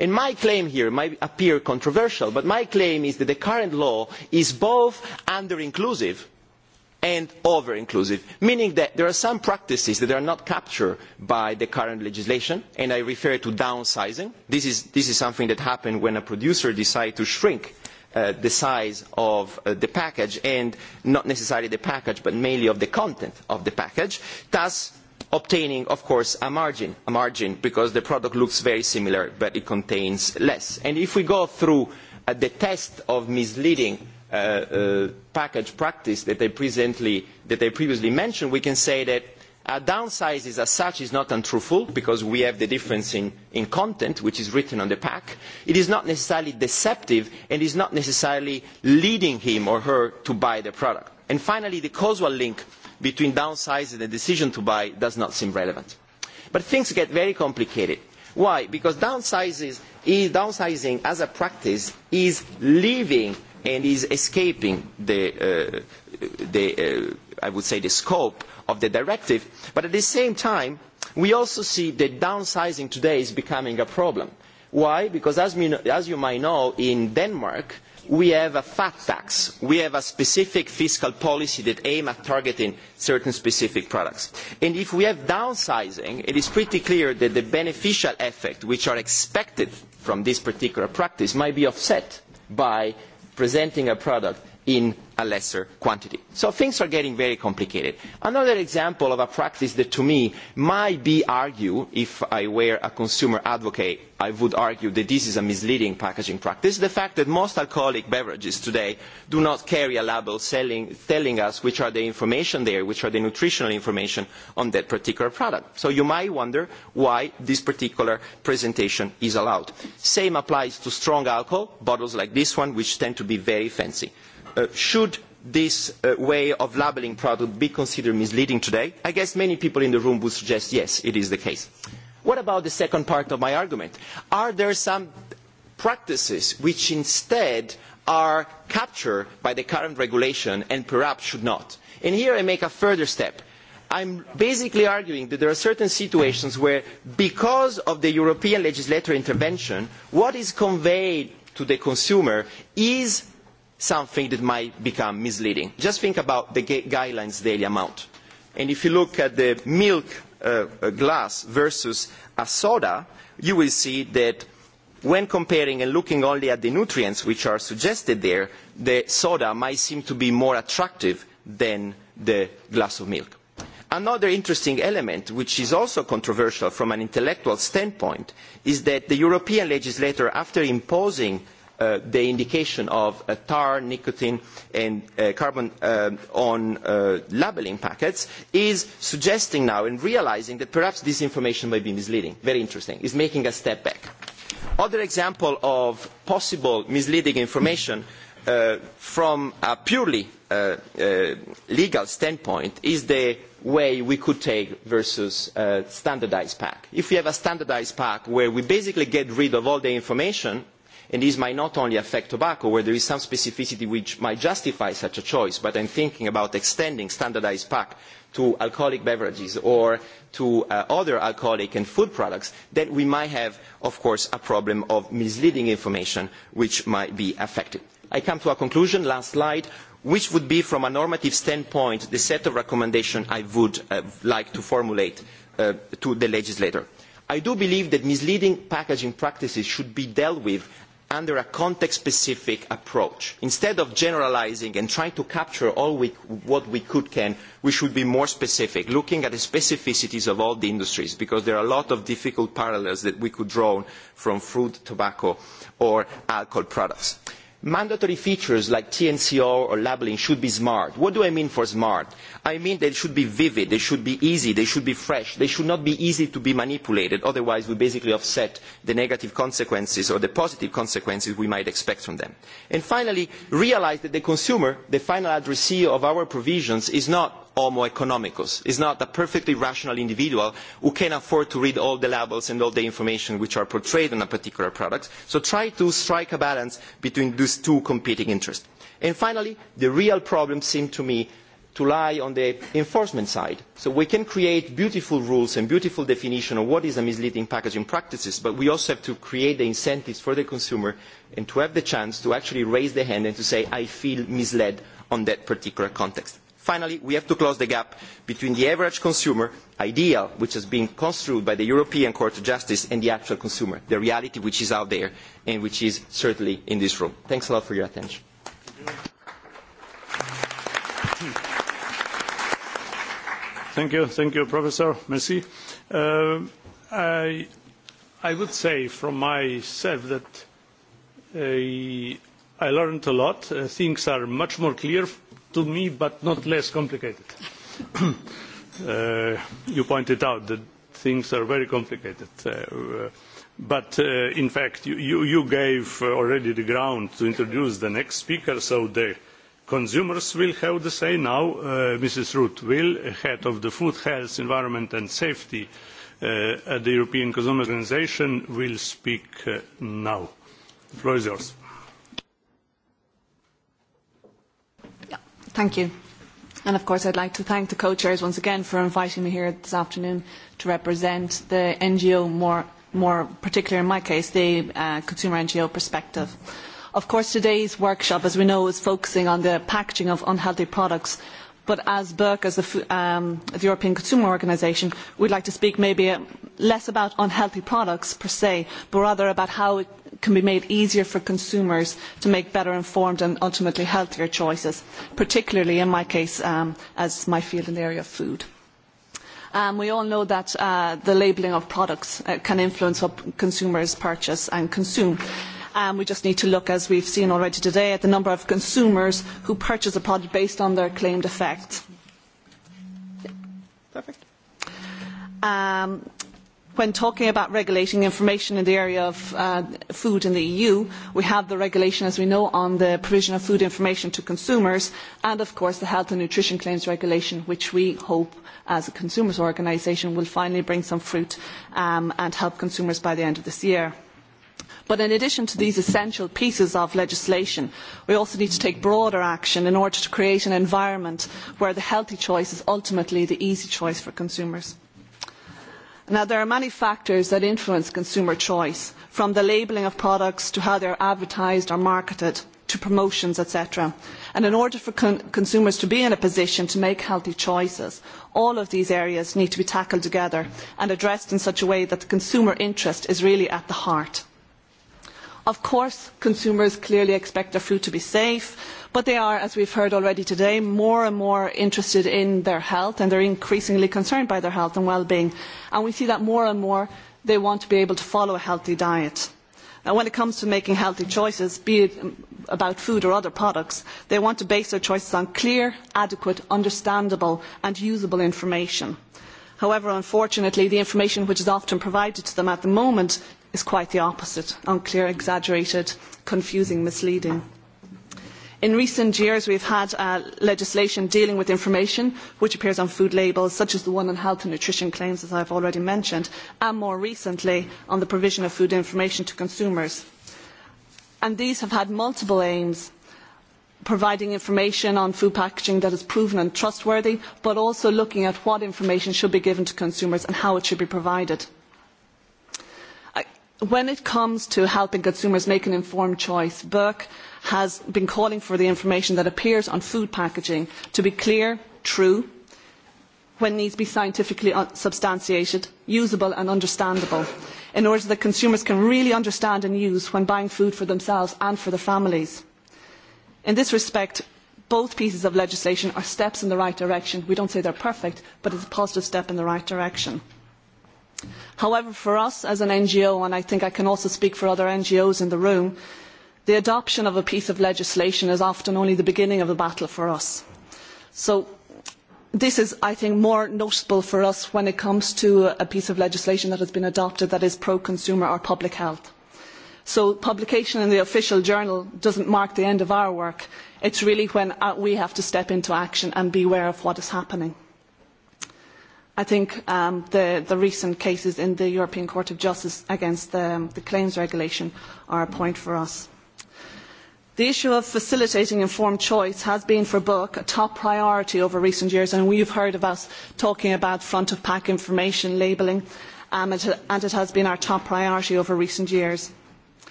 Speaker 6: And my claim here might appear controversial, but my claim is that the current law is both under-inclusive and over inclusive, meaning that there are some practices that are not captured by the current legislation, and I refer to downsizing. This is, this is something that happens when a producer decides to shrink uh, the size of uh, the package, and not necessarily the package, but mainly of the content of the package, thus obtaining, of course, a margin, a margin because the product looks very similar, but it contains less. And if we go through uh, the test of misleading uh, uh, package practice that I, presently, that I previously mentioned, we can say that our downsize as such is not untruthful because we have the difference in, in content which is written on the pack. It is not necessarily deceptive and is not necessarily leading him or her to buy the product. And finally, the causal link between downsize and the decision to buy does not seem relevant. But things get very complicated. Why? Because downsizes, downsizing as a practice is leaving and is escaping the, uh, the uh, I would say, the scope of the directive. But at the same time, we also see that downsizing today is becoming a problem. Why? Because as, we, as you might know, in Denmark, we have a fat tax. We have a specific fiscal policy that aims at targeting certain specific products. And if we have downsizing, it is pretty clear that the beneficial effect which are expected from this particular practice might be offset by presenting a product in a lesser quantity. So things are getting very complicated. Another example of a practice that to me might be argued, if I were a consumer advocate, I would argue that this is a misleading packaging practice, the fact that most alcoholic beverages today do not carry a label selling, telling us which are the information there, which are the nutritional information on that particular product. So you might wonder why this particular presentation is allowed. Same applies to strong alcohol, bottles like this one, which tend to be very fancy uh, should this uh, way of labelling products be considered misleading today? I guess many people in the room would suggest yes, it is the case. What about the second part of my argument? Are there some practices which instead are captured by the current regulation and perhaps should not? And here I make a further step. I'm basically arguing that there are certain situations where, because of the European legislator intervention, what is conveyed to the consumer is something that might become misleading. Just think about the guidelines daily amount. And if you look at the milk uh, uh, glass versus a soda, you will see that when comparing and looking only at the nutrients which are suggested there, the soda might seem to be more attractive than the glass of milk. Another interesting element, which is also controversial from an intellectual standpoint, is that the European legislator, after imposing uh, the indication of uh, tar, nicotine and uh, carbon um, on uh, labeling packets is suggesting now and realizing that perhaps this information may be misleading. Very interesting. It's making a step back. Other example of possible misleading information uh, from a purely uh, uh, legal standpoint is the way we could take versus uh, standardized pack. If we have a standardized pack where we basically get rid of all the information And these might not only affect tobacco, where there is some specificity which might justify such a choice, but I'm thinking about extending standardized pack to alcoholic beverages or to uh, other alcoholic and food products, then we might have, of course, a problem of misleading information which might be affected. I come to a conclusion, last slide, which would be, from a normative standpoint, the set of recommendations I would uh, like to formulate uh, to the legislator. I do believe that misleading packaging practices should be dealt with under a context-specific approach. Instead of generalizing and trying to capture all we, what we could can, we should be more specific, looking at the specificities of all the industries, because there are a lot of difficult parallels that we could draw from fruit, tobacco, or alcohol products. Uh, mandatory features like TNCR or labeling should be smart. What do I mean for smart? I mean they should be vivid, they should be easy, they should be fresh, they should not be easy to be manipulated, otherwise we basically offset the negative consequences or the positive consequences we might expect from them. And finally, realize that the consumer, the final addressee of our provisions, is not homo economicus, is not a perfectly rational individual who can afford to read all the labels and all the information which are portrayed on a particular product. So try to strike a balance between these two competing interests. And finally, the real problem seemed to me to lie on the enforcement side. So we can create beautiful rules and beautiful definition of what is a misleading packaging practices, but we also have to create the incentives for the consumer and to have the chance to actually raise the hand and to say, I feel misled on that particular context. Finally, we have to close the gap between the average consumer ideal, which is being construed by the European Court of Justice, and the actual consumer, the reality which is out there and which is certainly in
Speaker 1: this room. Thanks a lot for your attention. Thank you, thank you, Professor. Merci. Uh, I, I would say from myself that uh, I learned a lot. Uh, things are much more clear to me but not less complicated. uh, you pointed out that things are very complicated. Uh, uh but uh, in fact, you, you gave uh, already the ground to introduce the next speaker, so the consumers will have the say now. Uh, Mrs. Ruth Will, head of the Food, Health, Environment and Safety uh, at the European Consumer Organization, will speak uh, now. The floor is yours.
Speaker 7: Thank you. And of course, I'd like to thank the co-chairs once again for inviting me here this afternoon to represent the NGO, more, more particularly in my case, the uh, consumer NGO perspective. Of course, today's workshop, as we know, is focusing on the packaging of unhealthy products. But as Burke, as the, um, the European Consumer Organisation, we'd like to speak maybe less about unhealthy products per se, but rather about how it can be made easier for consumers to make better informed and ultimately healthier choices, particularly in my case um, as my field in the area of food. Um, we all know that uh, the labelling of products uh, can influence what consumers purchase and consume. Um, we just need to look, as we've seen already today, at the number of consumers who purchase a product based on their claimed effect. Yeah. Perfect. Um, when talking about regulating information in the area of uh, food in the EU, we have the regulation, as we know, on the provision of food information to consumers, and of course the Health and Nutrition Claims Regulation, which we hope as a consumers organisation will finally bring some fruit um, and help consumers by the end of this year. But in addition to these essential pieces of legislation, we also need to take broader action in order to create an environment where the healthy choice is ultimately the easy choice for consumers. Now, there are many factors that influence consumer choice, from the labelling of products to how they are advertised or marketed to promotions, etc. And in order for con consumers to be in a position to make healthy choices, all of these areas need to be tackled together and addressed in such a way that the consumer interest is really at the heart. Of course, consumers clearly expect their food to be safe, but they are, as we've heard already today, more and more interested in their health and they're increasingly concerned by their health and well-being. And we see that more and more they want to be able to follow a healthy diet. Now, when it comes to making healthy choices, be it um, about food or other products, they want to base their choices on clear, adequate, understandable and usable information. However, unfortunately, the information which is often provided to them at the moment is quite the opposite, unclear, exaggerated, confusing, misleading. In recent years, we've had uh, legislation dealing with information which appears on food labels, such as the one on health and nutrition claims, as I've already mentioned, and more recently on the provision of food information to consumers. And these have had multiple aims, providing information on food packaging that is proven and trustworthy, but also looking at what information should be given to consumers and how it should be provided. When it comes to helping consumers make an informed choice, Burke has been calling for the information that appears on food packaging to be clear, true, when needs be scientifically uh, substantiated, usable and understandable, in order that consumers can really understand and use when buying food for themselves and for their families. In this respect, both pieces of legislation are steps in the right direction. We don't say they're perfect, but it's a positive step in the right direction. However, for us as an NGO, and I think I can also speak for other NGOs in the room, the adoption of a piece of legislation is often only the beginning of a battle for us. So this is, I think, more noticeable for us when it comes to a piece of legislation that has been adopted that is pro-consumer or public health. So publication in the official journal doesn't mark the end of our work. It's really when uh, we have to step into action and be aware of what is happening. I think um, the, the recent cases in the European Court of Justice against the, um, the claims regulation are a point for us. The issue of facilitating informed choice has been for Bullock a top priority over recent years and we've heard of us talking about front of pack information labelling um, it, and it has been our top priority over recent years.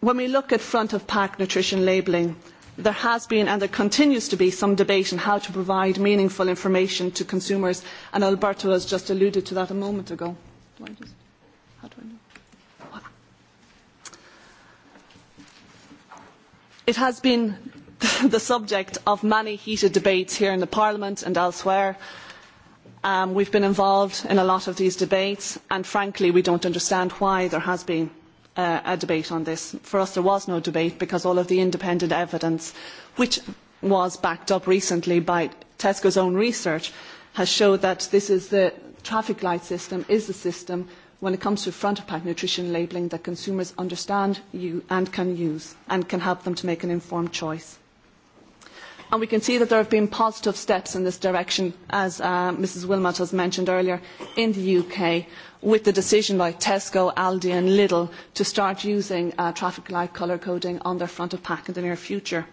Speaker 7: When we look at front of pack nutrition labelling, there has been and there continues to be some debate on how to provide meaningful information to consumers and Alberto has just alluded to that a moment ago. Do I just, how do I know? it has been the subject of many heated debates here in parliament and elsewhere. Um, we have been involved in a lot of these debates and frankly we do not understand why there has been uh, a debate on this. For us there was no debate because all of the independent evidence which was backed up recently by Tesco's own research has showed that this is the traffic light system is the system when it comes to front-of-pack nutrition labelling that consumers understand you and can use and can help them to make an informed choice. And we can see that there have been positive steps in this direction, as uh, Mrs Wilmot has mentioned earlier, in the UK, with the decision by Tesco, Aldi and Lidl to start using uh, traffic light colour coding on their front of pack in the near future.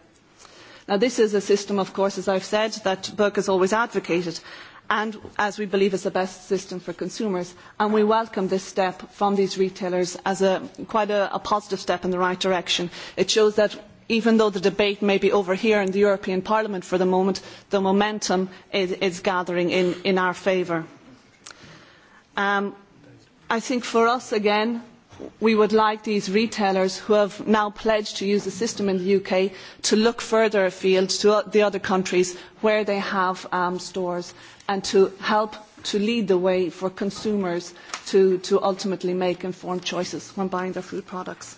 Speaker 7: Now, this is a system, of course, as I've said, that Burke has always advocated, and as we believe is the best system for consumers. And we welcome this step from these retailers as a, quite a, a positive step in the right direction. It shows that even though the debate may be over here in the European Parliament for the moment, the momentum is, is gathering in, in our favour. Um, I think for us, again, we would like these retailers who have now pledged to use the system in the UK to look further afield to the other countries where they have um, stores and to help to lead the way for consumers to, to ultimately make informed choices when buying their food products.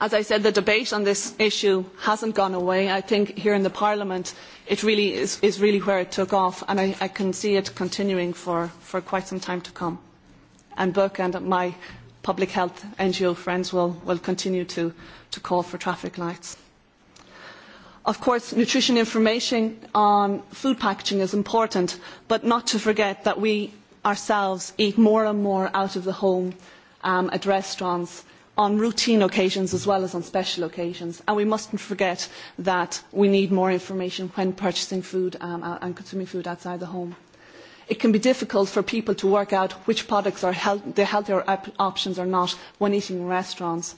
Speaker 7: As I said, the debate on this issue hasn't gone away. I think here in the Parliament it really is, is really where it took off and I, I can see it continuing for, for quite some time to come. And Book and my public health NGO friends will, will continue to, to call for traffic lights. Of course, nutrition information on food packaging is important, but not to forget that we ourselves eat more and more out of the home um, at restaurants on routine occasions as well as on special occasions. And we mustn't forget that we need more information when purchasing food um, and consuming food outside the home it can be difficult for people to work out which products are health, the healthier op- options or not when eating in restaurants.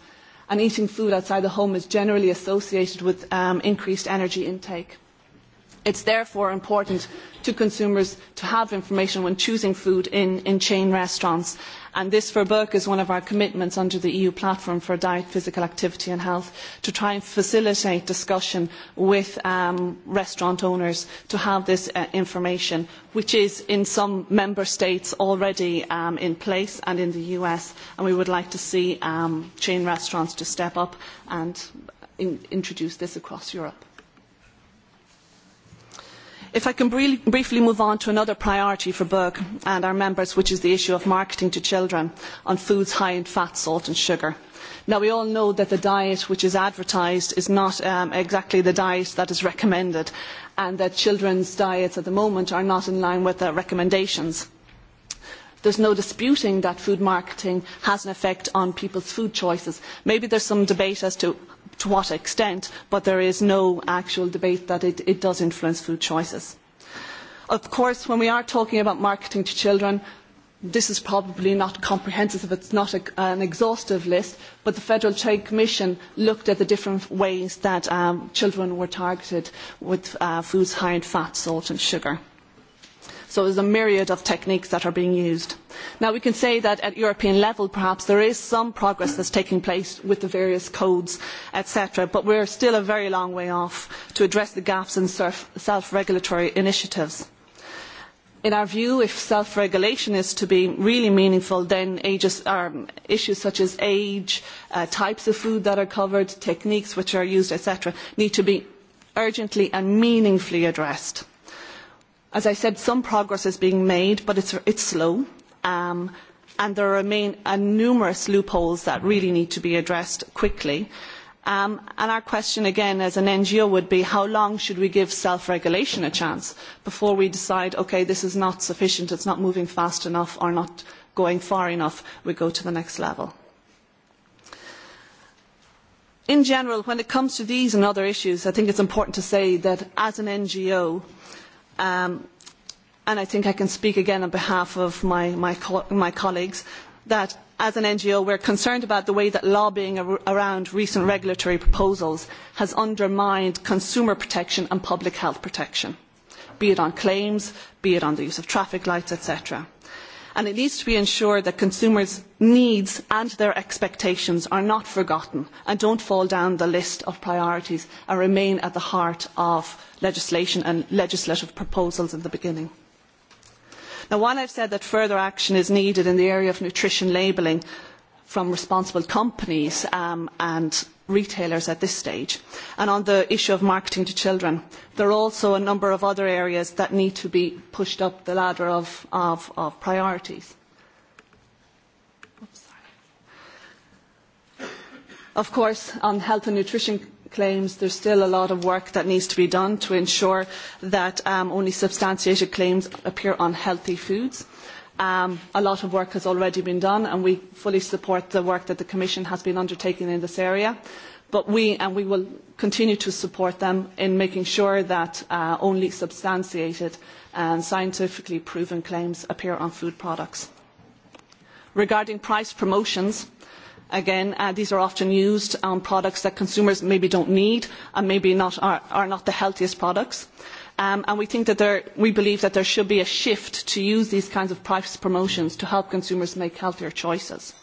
Speaker 7: And eating food outside the home is generally associated with um, increased energy intake. It's therefore important to consumers to have information when choosing food in, in chain restaurants And this for Burke is one of our commitments under the EU platform for diet, physical activity and health to try and facilitate discussion with um, restaurant owners to have this uh, information, which is in some member states already um, in place and in the US. And we would like to see um, chain restaurants to step up and uh, in introduce this across Europe. If I can br briefly move on to another priority for Berg and our members, which is the issue of marketing to children on foods high in fat, salt and sugar. Now, we all know that the diet which is advertised is not um, exactly the diet that is recommended and that children's diets at the moment are not in line with the recommendations. There's no disputing that food marketing has an effect on people's food choices. Maybe there's some debate as to to what extent, but there is no actual debate that it, it does influence food choices. Of course, when we are talking about marketing to children, this is probably not comprehensive, it's not a, an exhaustive list, but the Federal Trade Commission looked at the different ways that um, children were targeted with uh, foods high in fat, salt and sugar. So there's a myriad of techniques that are being used. Now we can say that at European level perhaps there is some progress that's taking place with the various codes, etc. But we're still a very long way off to address the gaps in self-regulatory initiatives in our view, if self-regulation is to be really meaningful, then ages, um, issues such as age, uh, types of food that are covered, techniques which are used, etc., need to be urgently and meaningfully addressed. As I said, some progress is being made, but it's, it's slow. Um, and there remain uh, numerous loopholes that really need to be addressed quickly. Um, and our question again as an NGO would be how long should we give self-regulation a chance before we decide, okay, this is not sufficient, it's not moving fast enough or not going far enough, we go to the next level. In general, when it comes to these and other issues, I think it's important to say that as an NGO, Um, and I think I can speak again on behalf of my, my, co my colleagues that as an NGO we're concerned about the way that lobbying ar around recent regulatory proposals has undermined consumer protection and public health protection, be it on claims, be it on the use of traffic lights, etc and it needs to be ensured that consumers' needs and their expectations are not forgotten and don't fall down the list of priorities and remain at the heart of legislation and legislative proposals in the beginning. Now, while I've said that further action is needed in the area of nutrition labelling from responsible companies um, and retailers at this stage. And on the issue of marketing to children, there are also a number of other areas that need to be pushed up the ladder of, of, of priorities. Oops, sorry. Of course, on health and nutrition claims, there's still a lot of work that needs to be done to ensure that um, only substantiated claims appear on healthy foods Um, a lot of work has already been done and we fully support the work that the Commission has been undertaking in this area. But we, and we will continue to support them in making sure that uh, only substantiated and scientifically proven claims appear on food products. Regarding price promotions, again, uh, these are often used on products that consumers maybe don't need and maybe not, are, are not the healthiest products. Uh, Um, and we think that there, we believe that there should be a shift to use these kinds of price promotions to help consumers make healthier choices.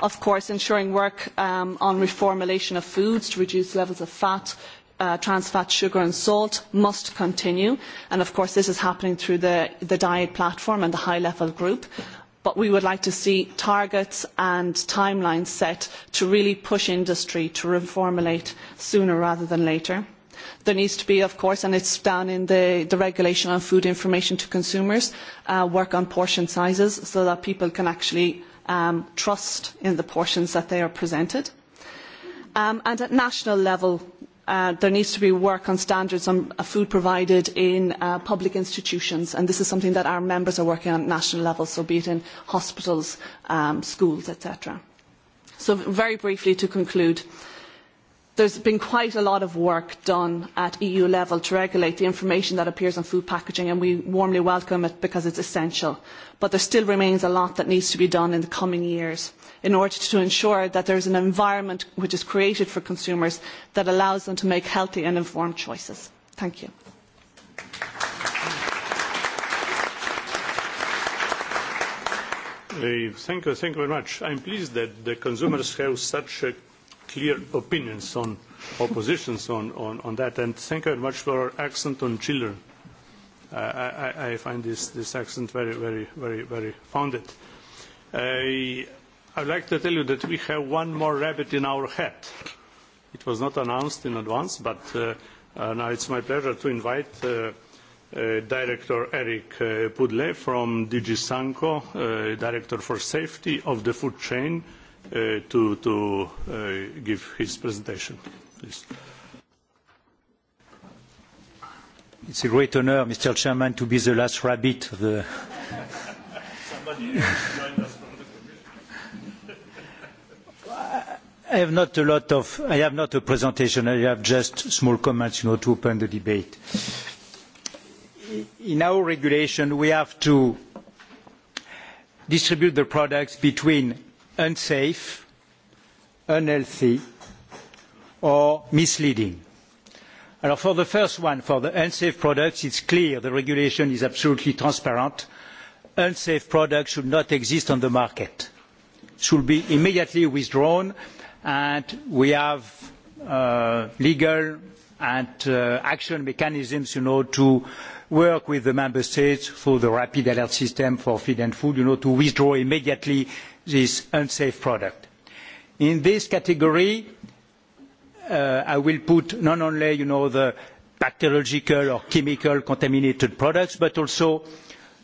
Speaker 7: Of course, ensuring work um, on reformulation of foods to reduce levels of fat, uh, trans fat, sugar and salt must continue. And of course, this is happening through the, the diet platform and the high-level group but we would like to see targets and timelines set to really push industry to reformulate sooner rather than later. There needs to be, of course, and it's down in the, the regulation on food information to consumers, uh, work on portion sizes so that people can actually um, trust in the portions that they are presented. Um, and at national level, uh, there needs to be work on standards on uh, food provided in uh, public institutions, and this is something that our members are working on at national level, so be it in hospitals, um, schools, etc. So very briefly to conclude, uh, there's been quite a lot of work done at EU level to regulate the information that appears on food packaging and we warmly welcome it because it's essential. But there still remains a lot that needs to be done in the coming years in order to ensure that there is an environment which is created for consumers that allows them to make healthy and informed choices. Thank you.
Speaker 1: Uh, thank you, thank you very much. I'm pleased that the consumers have such a clear opinions on or positions on, on, on that. And thank you very much for our accent on children. Uh, I, I find this, this accent very, very, very, very founded. Uh, I'd like to tell you that we have one more rabbit in our hat. It was not announced in advance, but uh, uh, now it's my pleasure to invite uh, Uh, Director Eric uh, Pudle from DG Sanco, uh, Director for Safety of the Food Chain, uh, uh, to, to uh, give his presentation. Please.
Speaker 8: It's a great honor, Mr. Chairman, to be the last rabbit of the...
Speaker 1: Somebody else joined us from the
Speaker 8: Commission. I have not a lot of... I have not a presentation. I have just small comments, you know, to open the debate. In our regulation, we have to distribute the products between unsafe, unhealthy, or misleading. Alors for the first one, for the unsafe products, it's clear the regulation is absolutely transparent. Unsafe products should not exist on the market, should be immediately withdrawn, and we have uh, legal and uh, action mechanisms you know, to work with the member states through the rapid alert system for feed and food you know, to withdraw immediately these unsafe products. In this category, uh, I will put not only you know, the bacteriological or chemical contaminated products, but also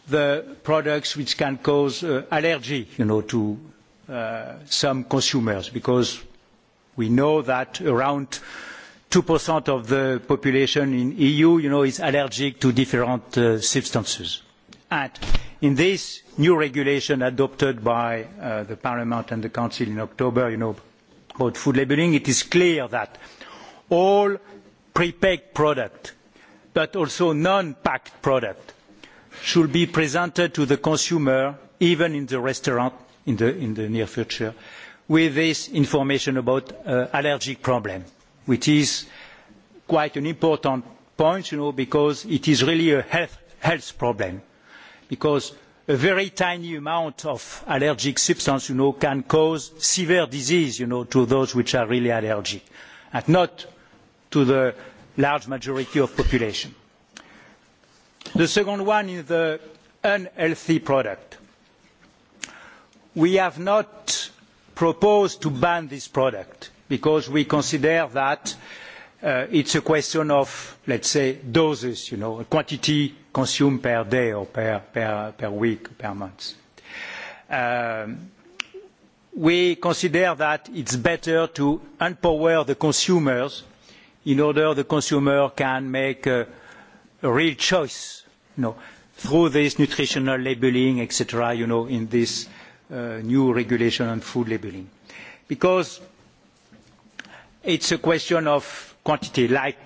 Speaker 8: the products which can cause uh, allergy you know, to uh, some consumers, because we know that around 2% of the population in EU you know, is allergic to different uh, substances. And in this new regulation adopted by uh, the parliament and the council in october you know, about food labelling it is clear that all prepacked products but also non packed products should be presented to the consumer even in the restaurant in the, in the near future with this information about uh, allergic problem which is quite an important point you know, because it is really a health, health problem because a very tiny amount of allergic substance you know, can cause severe disease you know, to those which are really allergic and not to the large majority of the population. The second one is the unhealthy product. We have not proposed to ban this product because we consider that uh, it's a question of, let's say, doses, you know, quantity consume per day or per, per, per week, per month. Um, we consider that it's better to empower the consumers in order the consumer can make a, a real choice, you know, through this nutritional labeling, etc., you know, in this uh, new regulation on food labeling. Because it's a question of quantity, like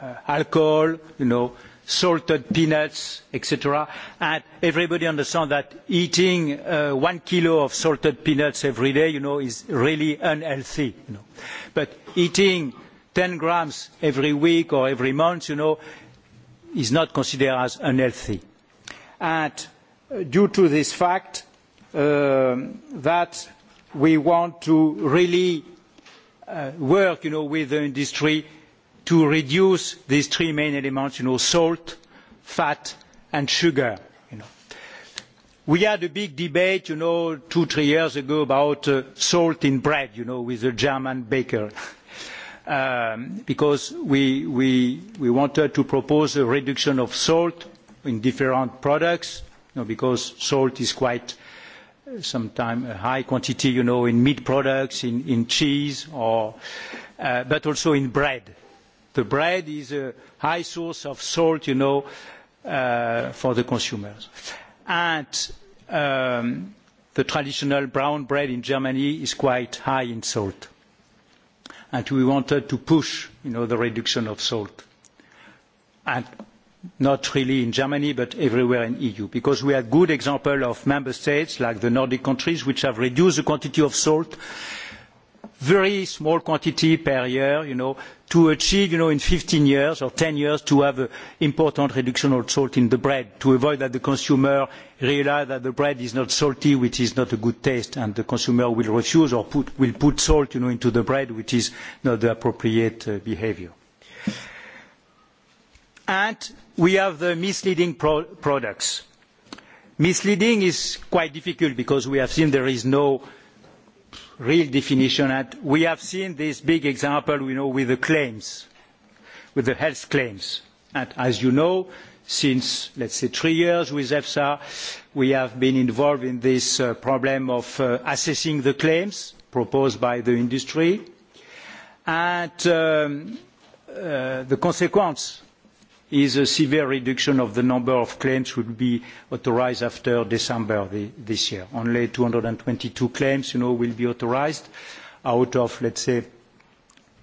Speaker 8: uh, alcohol, you know, salted peanuts etc. and everybody understands that eating uh, one kilo of salted peanuts every day you know, is really unhealthy. You know. But eating 10 grams every week or every month you know, is not considered as unhealthy. And uh, due to this fact uh, that we want to really uh, work you know, with the industry to reduce these three main elements you know, salt fat and sugar. You know. we had a big debate you know, two or three years ago about uh, salt in bread with a german baker um, because we, we, we wanted to propose a reduction of salt in different products because salt is quite uh, sometimes a high quantity in meat products in, in cheese or, uh, but also in bread the bread is a high source of salt, you know, uh, for the consumers. And um, the traditional brown bread in Germany is quite high in salt. And we wanted to push, you know, the reduction of salt. And not really in Germany, but everywhere in EU, because we had good example of member states like the Nordic countries which have reduced the quantity of salt very small quantity per year you know, to achieve you know, in fifteen years or ten years to have an important reduction of salt in the bread to avoid that the consumer realises that the bread is not salty which is not a good taste and the consumer will refuse or put, will put salt you know, into the bread which is not the appropriate uh, behaviour. and we have the misleading pro products. misleading is quite difficult because we have seen there is no real definition. And we have seen this big example, you know, with the claims, with the health claims. And as you know, since, let's say, three years with EFSA, we have been involved in this uh, problem of uh, assessing the claims proposed by the industry. And um, uh, the consequence is a severe reduction of the number of claims will be authorized after December the, this year. Only 222 claims, you know, will be authorized out of, let's say,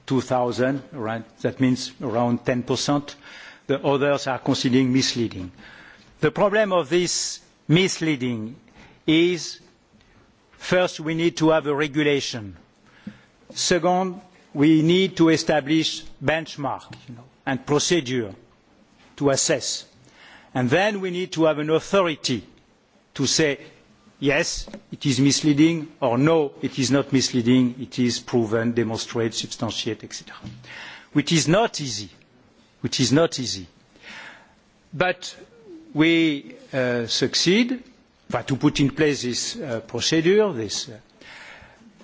Speaker 8: 2,000, right? That means around 10%. The others are considering misleading. The problem of this misleading is, first, we need to have a regulation. Second, we need to establish benchmark, you know, and procedure to assess. And then we need to have an authority to say, yes, it is misleading, or no, it is not misleading, it is proven, demonstrated, substantiated, etc. Which is not easy. Which is not easy. But we uh, succeed but to put in place this uh, procedure. This, uh,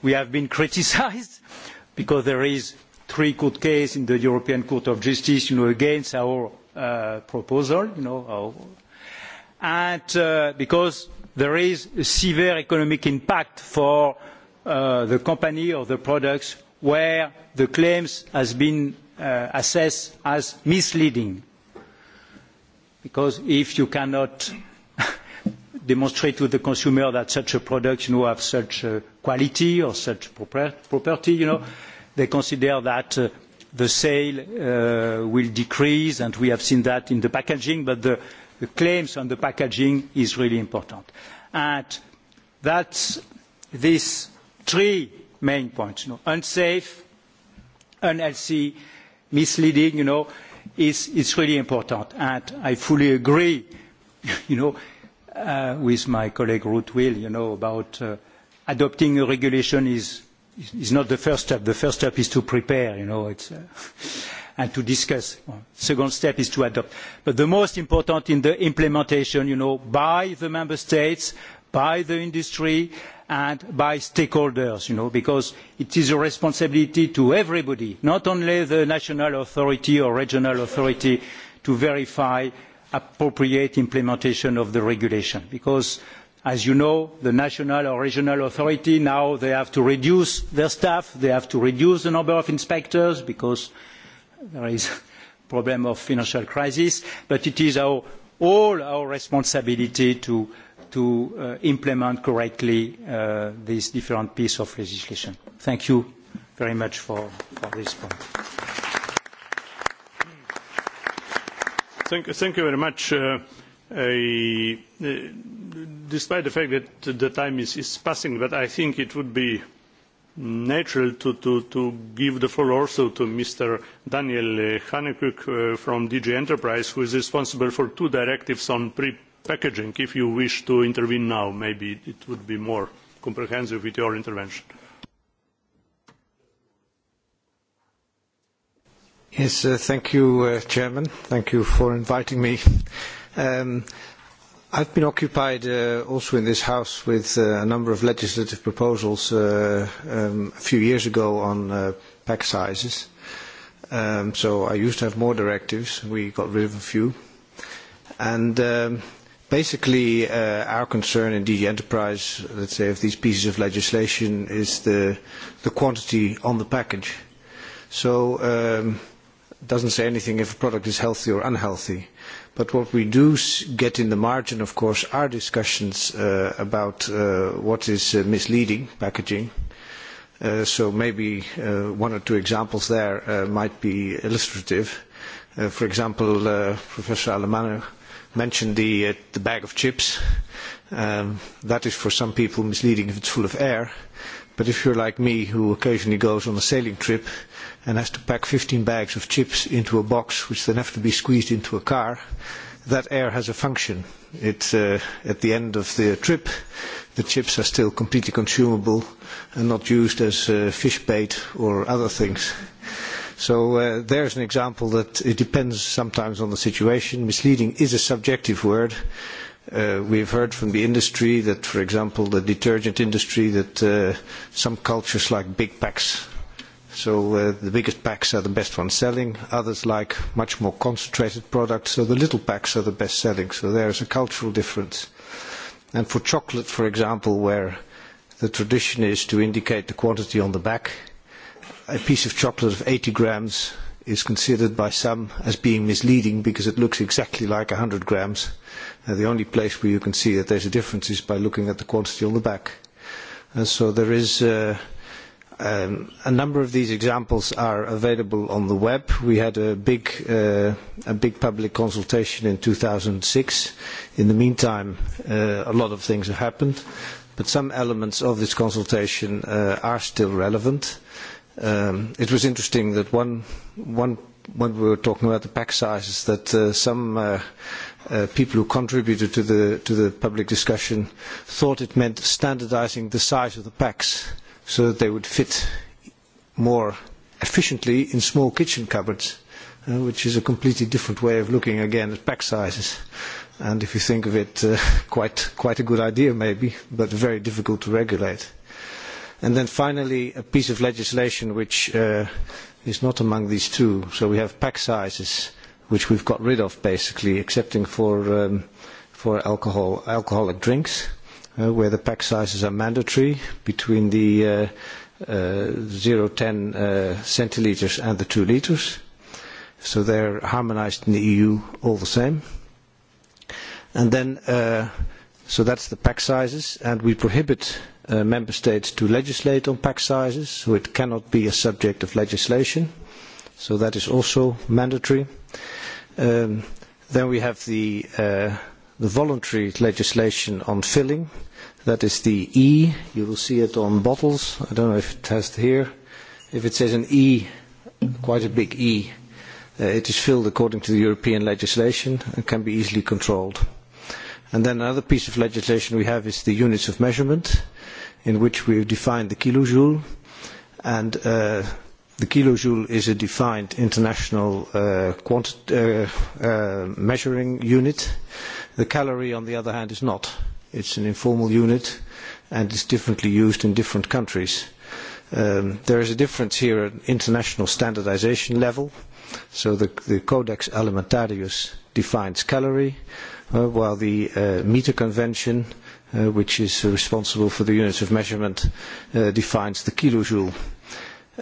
Speaker 8: we have been criticized because there is three court cases in the European Court of Justice, you know, against our uh, proposal, you know, and uh, because there is a severe economic impact for uh, the company or the products where the claims has been uh, assessed as misleading. Because if you cannot demonstrate to the consumer that such a product you know, have such uh, quality or such proper property, you know, they consider that uh, the sale uh, will decrease, and we have seen that in the packaging, but the, the claims on the packaging is really important. And that's these three main points. You know, unsafe, unhealthy, misleading, you know, is, is really important. And I fully agree, you know, uh, with my colleague Ruth Will, you know, about uh, adopting a regulation is is not the first step. The first step is to prepare, you know, it's, uh, and to discuss. Second step is to adopt. But the most important in the implementation, you know, by the member states, by the industry, and by stakeholders, you know, because it is a responsibility to everybody, not only the national authority or regional authority, to verify appropriate implementation of the regulation. Because uh, as you know the national or regional authority now they have to reduce their staff they have to reduce the number of inspectors because there is a problem of financial crisis but it is our, all our responsibility to to uh, implement correctly uh, these different pieces of legislation. Thank you very
Speaker 1: much for, for this point. Thank, thank you very much. Uh, Uh, despite the fact that the time is, is passing, but I think it would be natural to, to, to give the floor also to Mr. Daniel uh, Hanekuk uh, from DG Enterprise, who is responsible for two directives on pre-packaging. If you wish to intervene now, maybe it would be more comprehensive with your intervention.
Speaker 9: Yes, uh, thank you, uh, Chairman. Thank you for inviting me. Uh, Um, I've been occupied uh, also in this House with uh, a number of legislative proposals uh, um, a few years ago on uh, pack sizes. Um, so I used to have more directives. We got rid of a few. And um, basically uh, our concern in DG Enterprise, let's say, of these pieces of legislation is the, the quantity on the package. So um, it doesn't say anything if a product is healthy or unhealthy. Uh, But what we do get in the margin, of course, are discussions uh, about uh, what is uh, misleading packaging. Uh, so maybe uh, one or two examples there uh, might be illustrative. Uh, for example, uh, Professor Alemano mentioned the, uh, the bag of chips. Um, that is for some people misleading if it's full of air. Uh, But if you're like me, who occasionally goes on a sailing trip and has to pack 15 bags of chips into a box, which then have to be squeezed into a car, that air has a function. It, uh, at the end of the trip, the chips are still completely consumable and not used as uh, fish bait or other things. So uh, there's an example that it depends sometimes on the situation. Misleading is a subjective word Uh, we've heard from the industry that, for example, the detergent industry, that uh, some cultures like big packs. So uh, the biggest packs are the best ones selling. Others like much more concentrated products, so the little packs are the best selling. So there's a cultural difference. And for chocolate, for example, where the tradition is to indicate the quantity on the back, a piece of chocolate of 80 grams is considered by some as being misleading because it looks exactly like 100 grams. Uh, the only place where you can see that there's a difference is by looking at the quantity on the back. And uh, so there is uh, um, a number of these examples are available on the web. We had a big, uh, a big public consultation in 2006. In the meantime, uh, a lot of things have happened, but some elements of this consultation uh, are still relevant um, it was interesting that one, one, when we were talking about the pack sizes, that uh, some uh, uh, people who contributed to the, to the public discussion thought it meant standardizing the size of the packs so that they would fit more efficiently in small kitchen cupboards, uh, which is a completely different way of looking again at pack sizes. And if you think of it, uh, quite, quite a good idea maybe, but very difficult to regulate. And then finally, a piece of legislation which uh, is not among these two. So we have pack sizes, which we've got rid of basically, excepting for, um, for alcohol, alcoholic drinks, uh, where the pack sizes are mandatory between the uh, uh, 0, 10 uh, centiliters and the 2 liters. So they're harmonized in the EU all the same. And then, uh, so that's the pack sizes, and we prohibit uh, uh, member states to legislate on pack sizes, so it cannot be a subject of legislation. So that is also mandatory. Um, then we have the, uh, the voluntary legislation on filling. That is the E. You will see it on bottles. I don't know if it has here. If it says an E, quite a big E, uh, it is filled according to the European legislation and can be easily controlled. And then another piece of legislation we have is the units of measurement. Uh, in which we've defined the kilojoule. And uh, the kilojoule is a defined international uh, quanti- uh, uh, measuring unit. The calorie, on the other hand, is not. It's an informal unit and is differently used in different countries. Um, there is a difference here at international standardization level. So the, the Codex Alimentarius defines calorie, uh, while the uh, meter convention uh, uh, which is responsible for the units of measurement, uh, defines the kilojoule.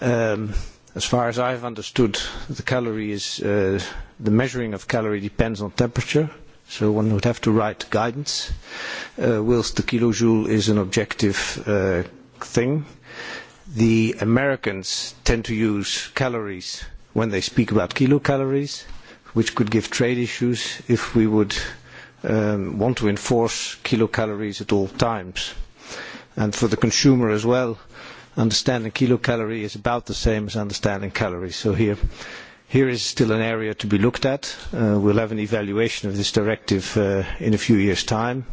Speaker 9: Um, as far as I've understood, the calorie is uh, the measuring of calorie depends on temperature, so one would have to write guidance, uh, whilst the kilojoule is an objective uh, thing. The Americans tend to use calories when they speak about kilocalories, which could give trade issues if we would uh, um, want to enforce kilocalories at all times. And for the consumer as well, understanding kilocalorie is about the same as understanding calories. So here, here is still an area to be looked at. Uh, we'll have an evaluation of this directive uh, in a few years' time.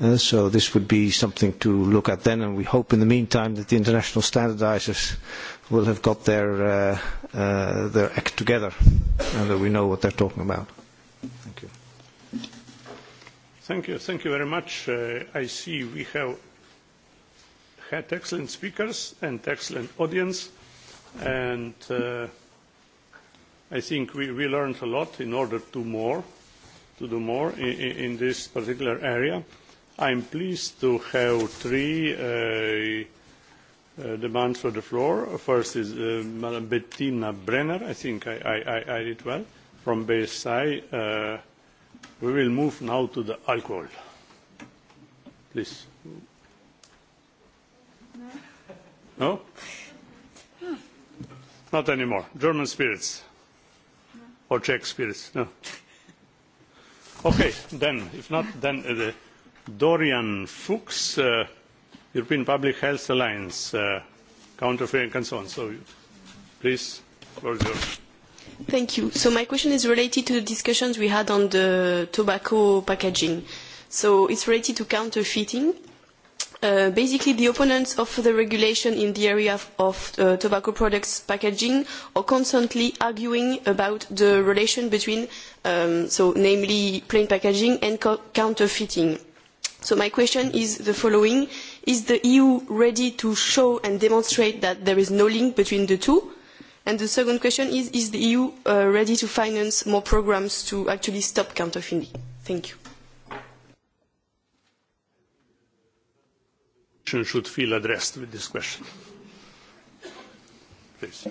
Speaker 9: Uh, so this would be something to look at then, and we hope in the meantime that the international standardizers will have got their, uh, uh, their act together and that we know what they're talking about.
Speaker 1: Thank you. Thank you very much. Uh, I see we have had excellent speakers and excellent audience, and uh, I think we, we learned a lot in order to more, to do more in, in this particular area. I'm pleased to have three uh, Uh, demands for the floor. First is uh, Madam Bettina Brenner. I think I, I, I, I did well from BSI. Uh, We will move now to the alcohol. Please. No? no? no. Not anymore. German spirits. No. Or Czech spirits. No. Okay, then, if not, then uh, the Dorian Fuchs, uh, European Public Health Alliance, uh, counterfeit and so on. So, please, floor is yours.
Speaker 7: Thank you. So my question is related to the discussions we had on the tobacco packaging. So it's related to counterfeiting. Uh, basically, the opponents of the regulation in the area of, of uh, tobacco products packaging are constantly arguing about the relation between, um, so namely plain packaging and co counterfeiting. So my question is the following. Is the EU ready to show and demonstrate that there is no link between the two? And the second question is, is the EU uh, ready to finance more programs to actually stop counterfeiting? Thank you.
Speaker 1: Should feel addressed with this question. Please.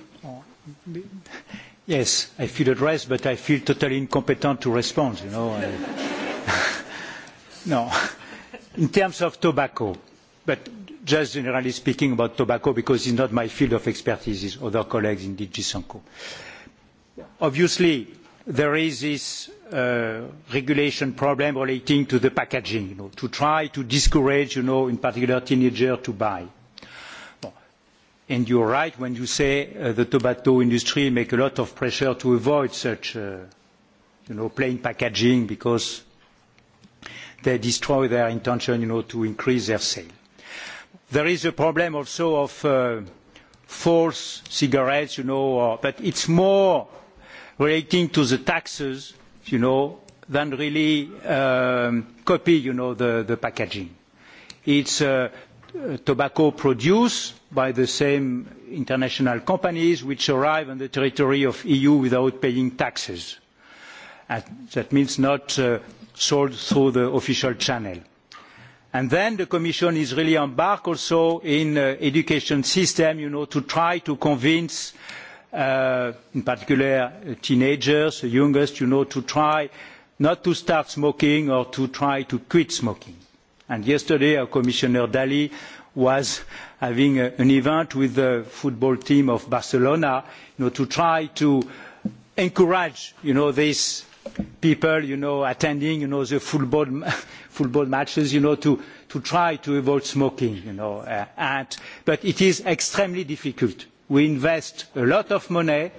Speaker 8: Yes, I feel addressed, but I feel totally incompetent to respond, you know. I... no. In terms of tobacco, but just generally speaking about tobacco because it's not my field of expertise, it's other colleagues in DG Sanko. Obviously, there is this uh, regulation problem relating to the packaging, you know, to try to discourage, you know, in particular teenagers to buy. And you're right when you say uh, the tobacco industry make a lot of pressure to avoid such, uh, you know, plain packaging because they destroy their intention, you know, to increase their sale there is a problem also of uh, false cigarettes, you know, or, uh, but it's more relating to the taxes, you know, than really um, copy, you know, the, the packaging. It's uh, tobacco produced by the same international companies which arrive on the territory of EU without paying taxes. And that means not uh, sold through the official channel and then the commission is really embarked also in the uh, education system you know to try to convince uh, in particular uh, teenagers the youngest you know to try not to start smoking or to try to quit smoking and yesterday our commissioner dalli was having a, uh, an event with the football team of barcelona you know to try to encourage you know this people, you know, attending, you know, the football, football matches, you know, to, to try to avoid smoking, you know. Uh, and, but it is extremely difficult. We invest a lot of money.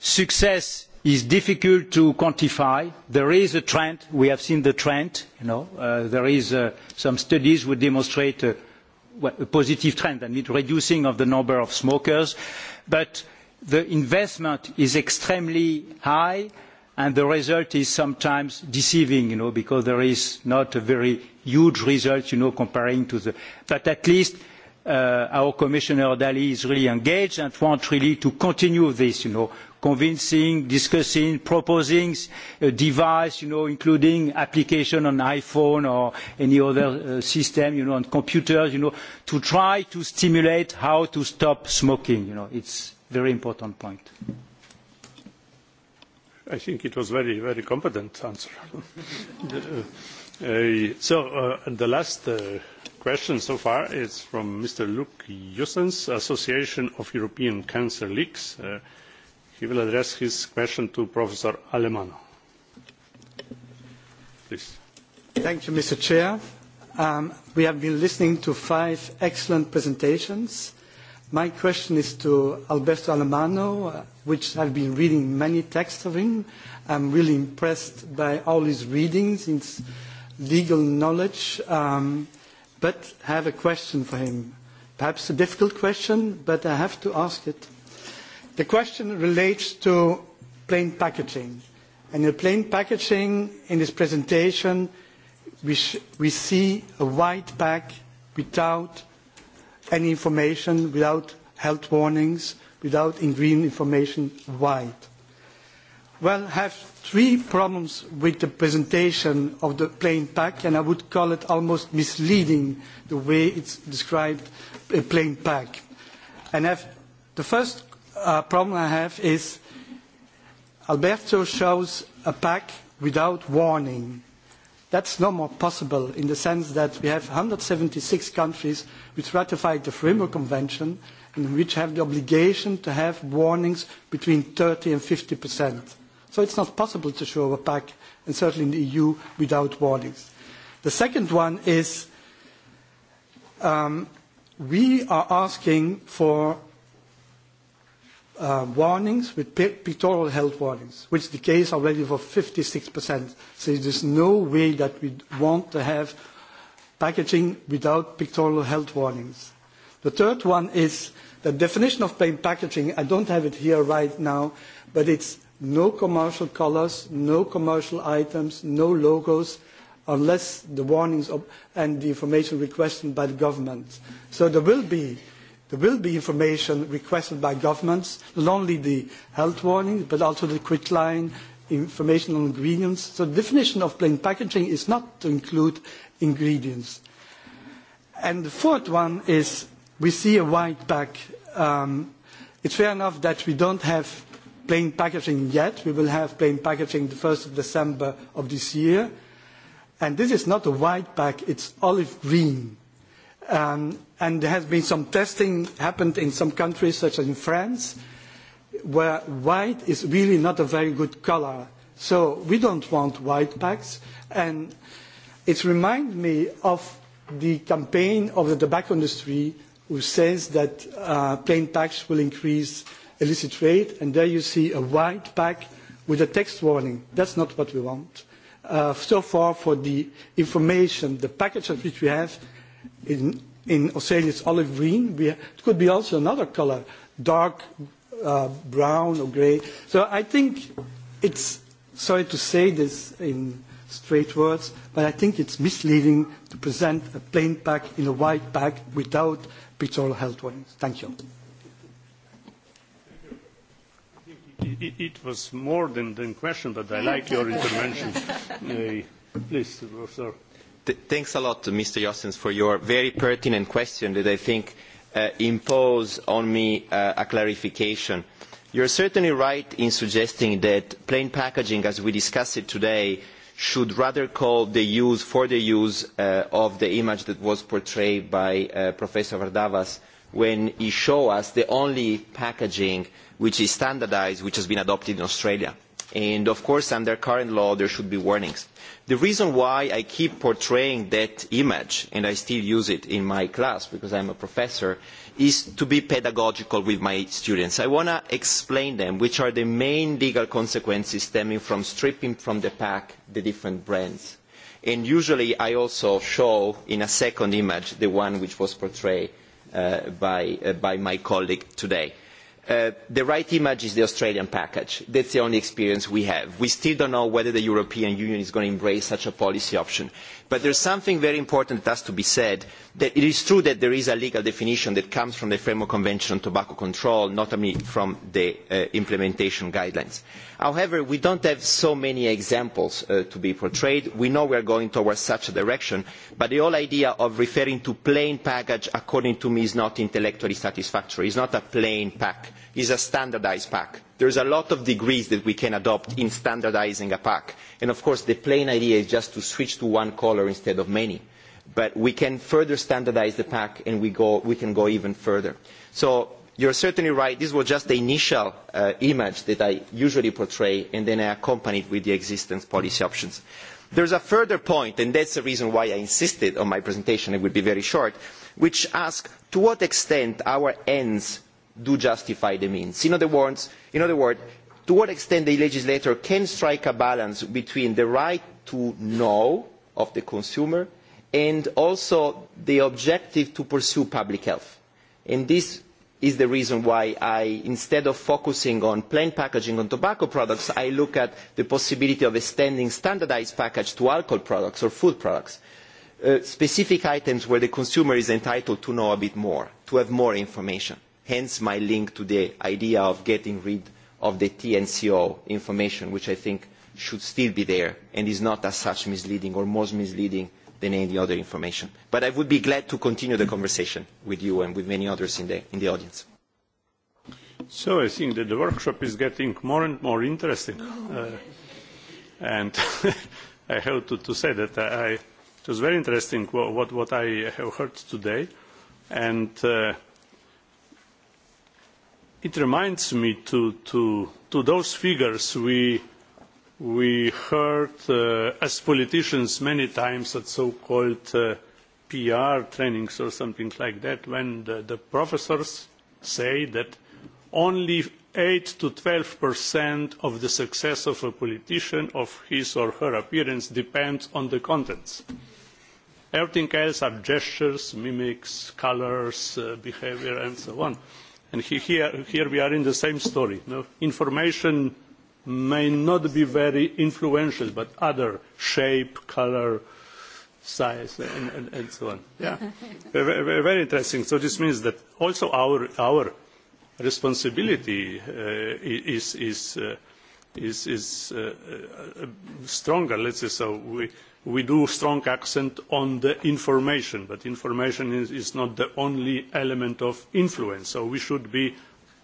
Speaker 8: Success is difficult to quantify. There is a trend. We have seen the trend, you know. Uh, there is uh, some studies which demonstrate uh, well, a positive trend, I mean, reducing of the number of smokers. But the investment is extremely high and the result is sometimes deceiving you know, because there is not a very huge result you know, comparing to the. But at least uh, our Commissioner Dalli is really engaged and wants really to continue this, you know, convincing, discussing, proposing a uh, device, you know, including application on iPhone or any other uh, system, you know, on computers, you know, to try to stimulate how to stop smoking. You know, it's very important point.
Speaker 1: I think it was very, very competent answer. uh, so, uh, and the last uh, question so far is from Mr. Luke Jussens, Association of European Cancer Leagues. Uh, he will address his question to Professor Alemano. Please.
Speaker 4: Thank you, Mr. Chair. Um, we have been listening to five excellent presentations My question is to Alberto Alemano, uh, which I've been reading many texts of him. I'm really impressed by all his readings, his legal knowledge, um, but I have a question for him. Perhaps a difficult question, but I have to ask it. The question relates to plain packaging. And in plain packaging, in this presentation, we, sh- we see a white bag without any information without health warnings, without in green information wide. Well, I have three problems with the presentation of the plain pack, and I would call it almost misleading the way it's described, a plain pack. And have, the first uh, problem I have is Alberto shows a pack without warning. That's no more possible in the sense that we have 176 countries which ratified the Framework Convention and which have the obligation to have warnings between 30 and 50 percent. So it's not possible to show a pack, and certainly in the EU, without warnings. The second one is um, we are asking for uh, warnings, with pictorial health warnings, which is the case already for 56%. So there's no way that we want to have packaging without pictorial health warnings. The third one is the definition of plain packaging. I don't have it here right now, but it's no commercial colors, no commercial items, no logos, unless the warnings of, and the information requested by the government. So there will be There will be information requested by governments, not only the health warning, but also the quick line, information on ingredients. So the definition of plain packaging is not to include ingredients. And the fourth one is we see a wide pack. Um, it's fair enough that we don't have plain packaging yet. We will have plain packaging the 1st of December of this year. And this is not a white pack, it's olive green. Um, and there has been some testing happened in some countries, such as in France, where white is really not a very good color. So we don't want white packs, and it reminds me of the campaign of the tobacco industry who says that uh, plain packs will increase illicit trade, and there you see a white pack with a text warning. That's not what we want. Uh, so far for the information, the packages which we have, in in Australia it's olive green. We, it could be also another color, dark uh, brown or gray. So I think it's, sorry to say this in straight words, but I think it's misleading to present a plain pack in a white pack without pictorial health warnings. Thank you.
Speaker 1: It, it was more than a question, but I like your intervention. uh, please, sir. Th thanks a lot, Mr. Jossens,
Speaker 6: for your very pertinent question that I think uh, impose on me uh, a clarification. You're certainly right in suggesting that plain packaging, as we discussed it today, should rather call the use for the use uh, of the image that was portrayed by uh, Professor Vardavas when he showed us the only packaging which is standardized, which has been adopted in Australia. Uh, And of course, under current law, there should be warnings. The reason why I keep portraying that image, and I still use it in my class because I'm a professor, is to be pedagogical with my students. I want to explain them which are the main legal consequences stemming from stripping from the pack the different brands. And usually I also show in a second image the one which was portrayed uh, by, uh, by my colleague today. Uh, the right image is the Australian package. That's the only experience we have. We still don't know whether the European Union is going to embrace such a policy option. But there's something very important that has to be said, that it is true that there is a legal definition that comes from the Framework Convention on Tobacco Control, notably from the uh, implementation guidelines. However, we don't have so many examples uh, to be portrayed. We know we are going towards such a direction, but the whole idea of referring to plain package, according to me, is not intellectually satisfactory. It's not a plain pack. It's a standardized pack there is a lot of degrees that we can adopt in standardizing a pack. And of course, the plain idea is just to switch to one color instead of many. But we can further standardize the pack and we, go, we can go even further. So you're certainly right. This was just the initial uh, image that I usually portray and then I accompanied with the existence policy options. There's a further point, and that's the reason why I insisted on my presentation, it would be very short, which asks to what extent our ends do justify the means. In other words, in other words to what extent the legislator can strike a balance between the right to know of the consumer and also the objective to pursue public health. And this is the reason why I, instead of focusing on plain packaging on tobacco products, I look at the possibility of extending standardized package to alcohol products or food products, uh, specific items where the consumer is entitled to know a bit more, to have more information hence my link to the idea of getting rid of the TNCO information, which I think should still be there and is not as such misleading or more misleading than any other information. But I would be glad to continue the conversation with you and with many others in the, in the audience.
Speaker 1: So I think that the workshop is getting more and more interesting. Uh, and I have to, to say that I, it was very interesting what, what I have heard today. And uh, it reminds me to, to, to those figures we, we heard uh, as politicians many times at so-called uh, PR trainings or something like that, when the, the professors say that only 8 to 12 percent of the success of a politician, of his or her appearance, depends on the contents. Everything else are gestures, mimics, colors, uh, behavior, and so on. Uh, and he, here, here we are in the same story. No? Information may not be very influential, but other shape, color, size, and, and, and so on. Yeah, very, very interesting. So this means that also our our responsibility uh, is is. Uh, is, is uh, uh, uh, stronger, let's say so. We, we do strong accent on the information, but information is, is not the only element of influence. So we should be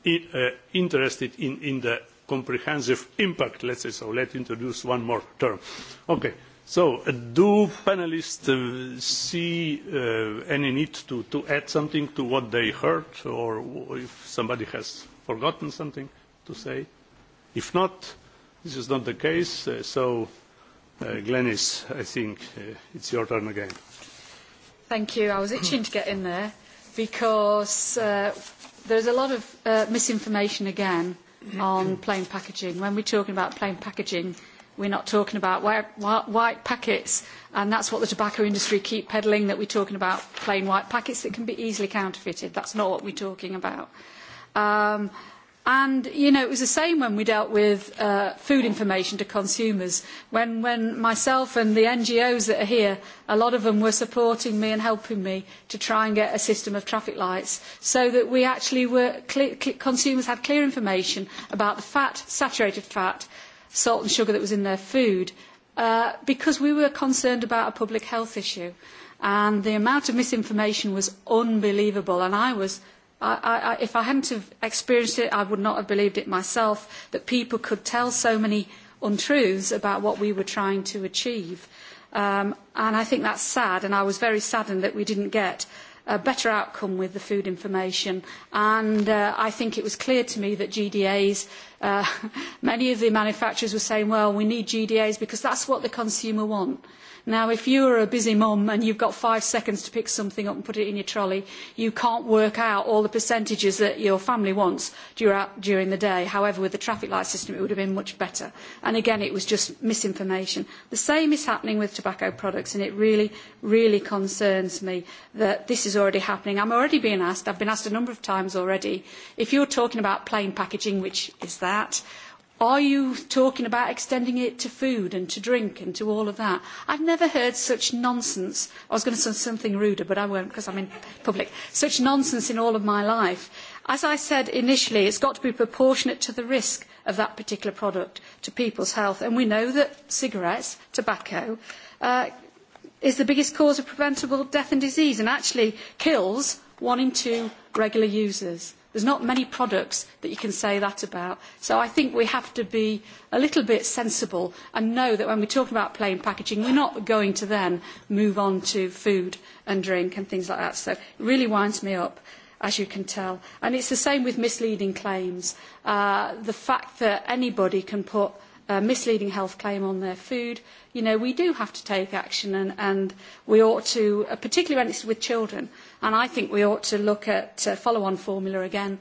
Speaker 1: i, uh, interested in, in the comprehensive impact, let's say so. Let's introduce one more term. Okay. So uh, do panelists uh, see uh, any need to, to add something to what they heard, or if somebody has forgotten something to say? If not, this is not the case, uh, so uh, Glenis, I think uh, it's your turn again.
Speaker 2: Thank you. I was itching to get in there because uh, there's a lot of uh, misinformation again on plain packaging. When we're talking about plain packaging, we're not talking about white, white, white packets, and that's what the tobacco industry keep peddling, that we're talking about plain white packets that can be easily counterfeited. That's not what we're talking about. Um, And, you know, it was the same when we dealt with uh, food information to consumers. When, when myself and the NGOs that are here, a lot of them were supporting me and helping me to try and get a system of traffic lights so that we actually were, clear, consumers had clear information about the fat, saturated fat, salt and sugar that was in their food uh, because we were concerned about a public health issue. And the amount of misinformation was unbelievable. And I was I, I, if I hadn't have experienced it, I would not have believed it myself, that people could tell so many untruths about what we were trying to achieve. Um, and I think that's sad, and I was very saddened that we didn't get a better outcome with the food information. And uh, I think it was clear to me that GDAs, uh, many of the manufacturers were saying, well, we need GDAs because that's what the consumer wants Now, if you're a busy mum and you've got five seconds to pick something up and put it in your trolley, you can't work out all the percentages that your family wants during the day. However, with the traffic light system, it would have been much better. And again, it was just misinformation. The same is happening with tobacco products, and it really, really concerns me that this is already happening. I'm already being asked, I've been asked a number of times already, if you're talking about plain packaging, which is that, Are you talking about extending it to food and to drink and to all of that? I've never heard such nonsense. I was going to say something ruder, but I won't because I'm in public. Such nonsense in all of my life. As I said initially, it's got to be proportionate to the risk of that particular product to people's health. And we know that cigarettes, tobacco, uh, is the biggest cause of preventable death and disease and actually kills one in two regular users. There's not many products that you can say that about. So I think we have to be a little bit sensible and know that when we're talking about plain packaging, we're not going to then move on to food and drink and things like that. So it really winds me up as you can tell. And it's the same with misleading claims. Uh, the fact that anybody can put a misleading health claim on their food, you know, we do have to take action and, and we ought to, uh, particularly when it's with children, And I think we ought to look at uh, follow-on formula again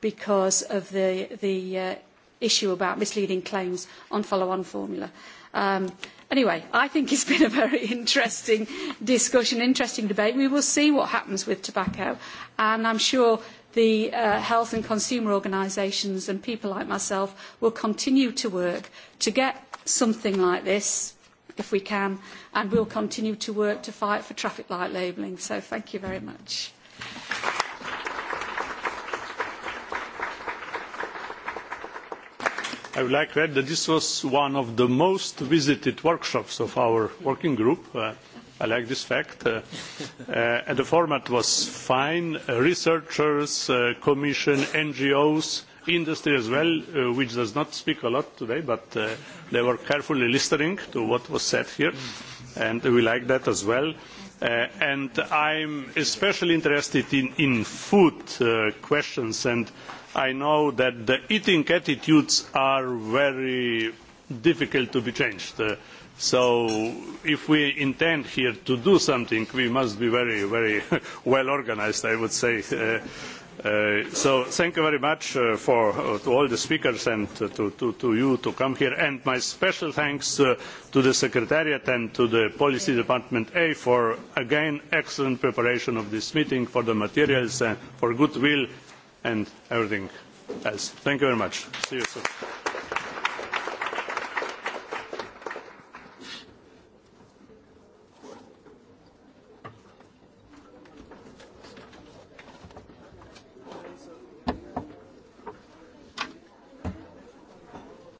Speaker 2: because of the, the uh, issue about misleading claims on follow-on formula. Um, anyway, I think it's been a very interesting discussion, interesting debate. We will see what happens with tobacco, and I'm sure the uh, health and consumer organisations and people like myself will continue to work to get something like this if we can, and we'll continue to work to fight for traffic light labelling. So thank you very much.
Speaker 1: I would like to add that this was one of the most visited workshops of our working group. Uh, I like this fact. Uh, uh, and the format was fine. Uh, researchers, uh, commission, NGOs, industry as well, uh, which does not speak a lot today, but uh, they were carefully listening to what was said here, and we like that as well. Uh, and I'm especially interested in, in food uh, questions, and I know that the eating attitudes are very difficult to be changed. Uh, so if we intend here to do something, we must be very, very well organized, I would say. Uh, Uh, so thank you very much uh, for uh, to all the speakers and uh, to, to, to you to come here and my special thanks uh, to the secretariat and to the policy department a for again excellent preparation of this meeting for the materials and uh, for goodwill and everything else thank you very much see you soon